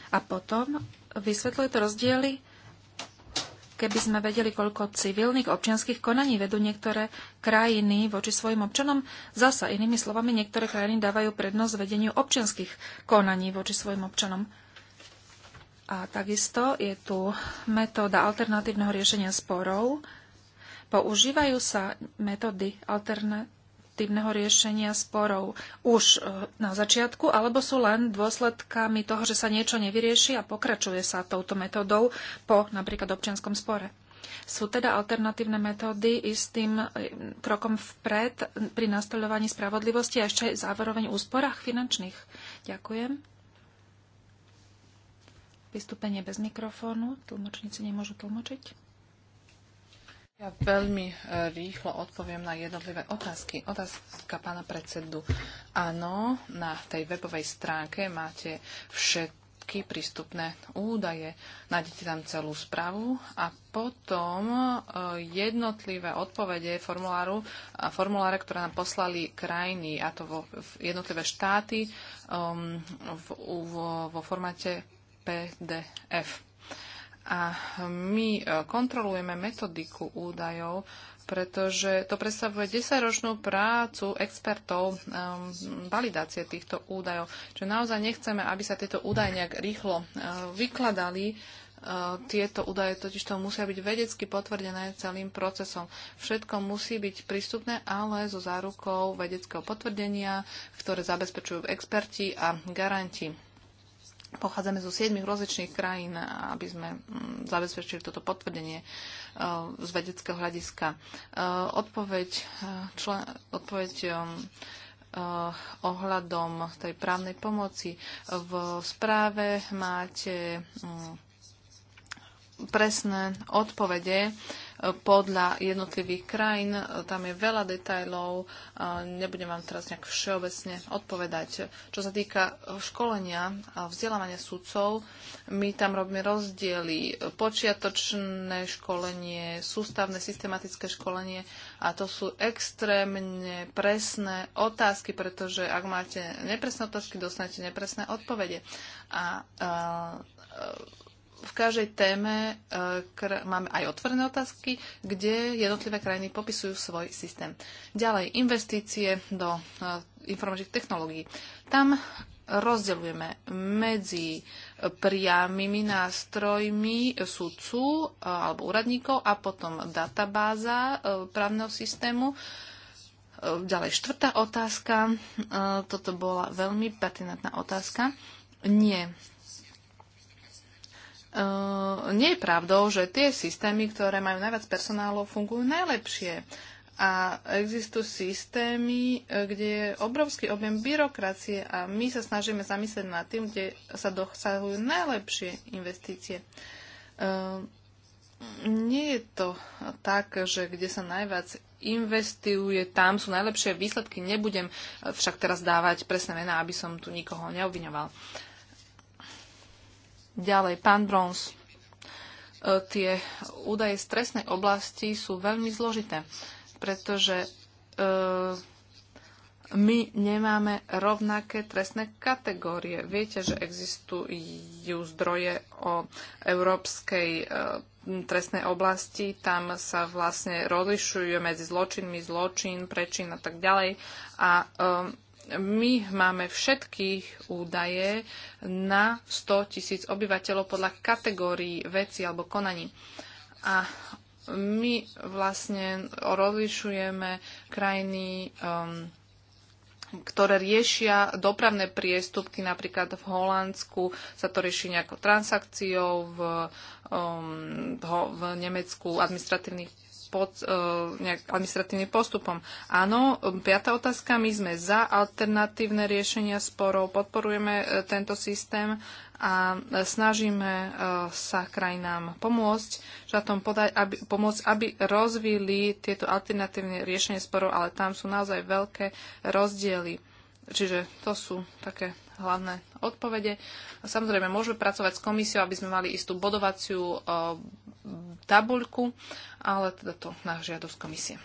A potom vysvetľuje to rozdiely, keby sme vedeli, koľko civilných občianských konaní vedú niektoré krajiny voči svojim občanom. Zasa, inými slovami, niektoré krajiny dávajú prednosť vedeniu občianských konaní voči svojim občanom. A takisto je tu metóda alternatívneho riešenia sporov, Používajú sa metódy alternatívneho riešenia sporov už e, na začiatku, alebo sú len dôsledkami toho, že sa niečo nevyrieši a pokračuje sa touto metódou po napríklad občianskom spore. Sú teda alternatívne metódy istým e, krokom vpred pri nastoľovaní spravodlivosti a ešte aj záveroveň úsporách finančných? Ďakujem. Vystúpenie bez mikrofónu. Tlmočníci nemôžu tlmočiť. Ja veľmi e, rýchlo odpoviem na jednotlivé otázky. Otázka pána predsedu. Áno, na tej webovej stránke máte všetky prístupné údaje. Nájdete tam celú správu a potom e, jednotlivé odpovede formuláru, formuláre, ktoré nám poslali krajiny, a to vo, jednotlivé štáty um, v, vo, vo formáte PDF. A my e, kontrolujeme metodiku údajov, pretože to predstavuje 10-ročnú prácu expertov um, validácie týchto údajov. Čiže naozaj nechceme, aby sa tieto údaje nejak rýchlo uh, vykladali. Uh, tieto údaje totiž to musia byť vedecky potvrdené celým procesom. Všetko musí byť prístupné, ale so zárukou vedeckého potvrdenia, ktoré zabezpečujú experti a garanti pochádzame zo 7 rozličných krajín, aby sme mm, zabezpečili toto potvrdenie e, z vedeckého hľadiska. E, odpoveď, e, člen, odpoveď ohľadom tej právnej pomoci. V správe máte mm, presné odpovede e, podľa jednotlivých krajín. E, tam je veľa detajlov, nebudem vám teraz nejak všeobecne odpovedať. Čo sa týka školenia a vzdelávania sudcov, my tam robíme rozdiely. Počiatočné školenie, sústavné, systematické školenie a to sú extrémne presné otázky, pretože ak máte nepresné otázky, dostanete nepresné odpovede. A, a, e, a v každej téme eh, máme aj otvorené otázky, kde jednotlivé krajiny popisujú svoj systém. Ďalej, investície do eh, informačných technológií. Tam rozdeľujeme medzi priamými nástrojmi sudcu eh, alebo úradníkov a potom databáza právneho systému. Ďalej, štvrtá otázka. Toto bola veľmi pertinentná otázka. Nie Eh, nie je pravdou, že tie systémy, ktoré majú najviac personálov, fungujú najlepšie. A existujú systémy, eh, kde je obrovský objem byrokracie a my sa snažíme zamyslieť nad tým, kde sa dosahujú najlepšie investície. Eh, nie je to tak, že kde sa najviac investuje, tam sú najlepšie výsledky. Nebudem však teraz dávať presné mená, aby som tu nikoho neobviňoval. Uh, Ďalej, pán Brons. E, tie údaje z trestnej oblasti sú veľmi zložité, pretože e, my nemáme rovnaké trestné kategórie. Viete, že existujú zdroje o európskej e, trestnej oblasti, tam sa vlastne rozlišujú medzi zločinmi, zločin, prečin a tak ďalej. A um, my máme všetkých údaje na 100 tisíc obyvateľov podľa kategórií veci alebo konaní. A my vlastne rozlišujeme krajiny, um, ktoré riešia dopravné priestupky, napríklad v Holandsku sa to rieši nejakou transakciou, v, um, v Nemecku administratívnych pod uh, nejak administratívnym postupom. Áno, piatá otázka, my sme za alternatívne riešenia sporov, podporujeme uh, tento systém a snažíme e, sa krajinám pomôcť, štátom podať, aby, pomôcť, aby rozvíli tieto alternatívne riešenie sporov, ale tam sú naozaj veľké rozdiely. Čiže to sú také hlavné odpovede. Samozrejme, môžeme pracovať s komisiou, aby sme mali istú bodovaciu tabuľku, ale teda to na žiadosť komisie.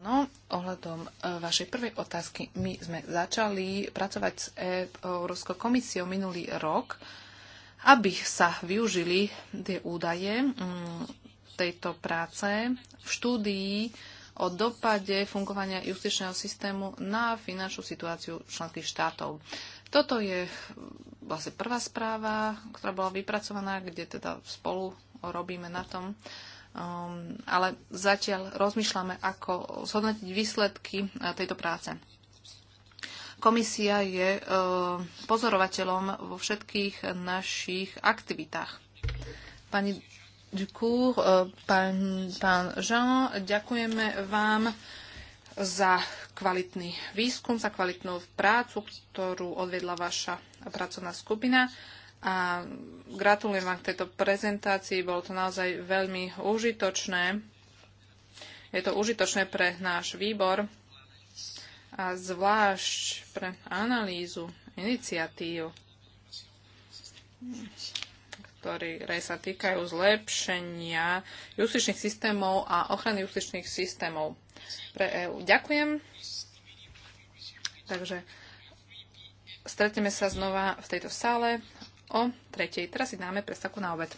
No, ohľadom e, vašej prvej otázky, my sme začali pracovať s e, Európskou komisiou minulý rok, aby sa využili tie údaje mm, tejto práce v štúdii o dopade fungovania justičného systému na finančnú situáciu členských štátov. Toto je eh, vlastne prvá správa, ktorá bola vypracovaná, kde teda spolu robíme na tom. Um, ale zatiaľ rozmýšľame, ako zhodnotiť výsledky eh, tejto práce. Komisia je um, pozorovateľom vo všetkých našich aktivitách. Pani Ducour, euh, pán, pán Jean, ďakujeme vám za kvalitný výskum, za kvalitnú prácu, ktorú odvedla vaša pracovná skupina. A gratulujem vám k tejto prezentácii, bolo to naozaj veľmi užitočné. Je to užitočné pre náš výbor a zvlášť pre analýzu iniciatív ktoré sa týkajú zlepšenia justičných systémov a ochrany justičných systémov pre EÚ. Ďakujem. Takže stretneme sa znova v tejto sále o tretej. Teraz si dáme prestaku na obed.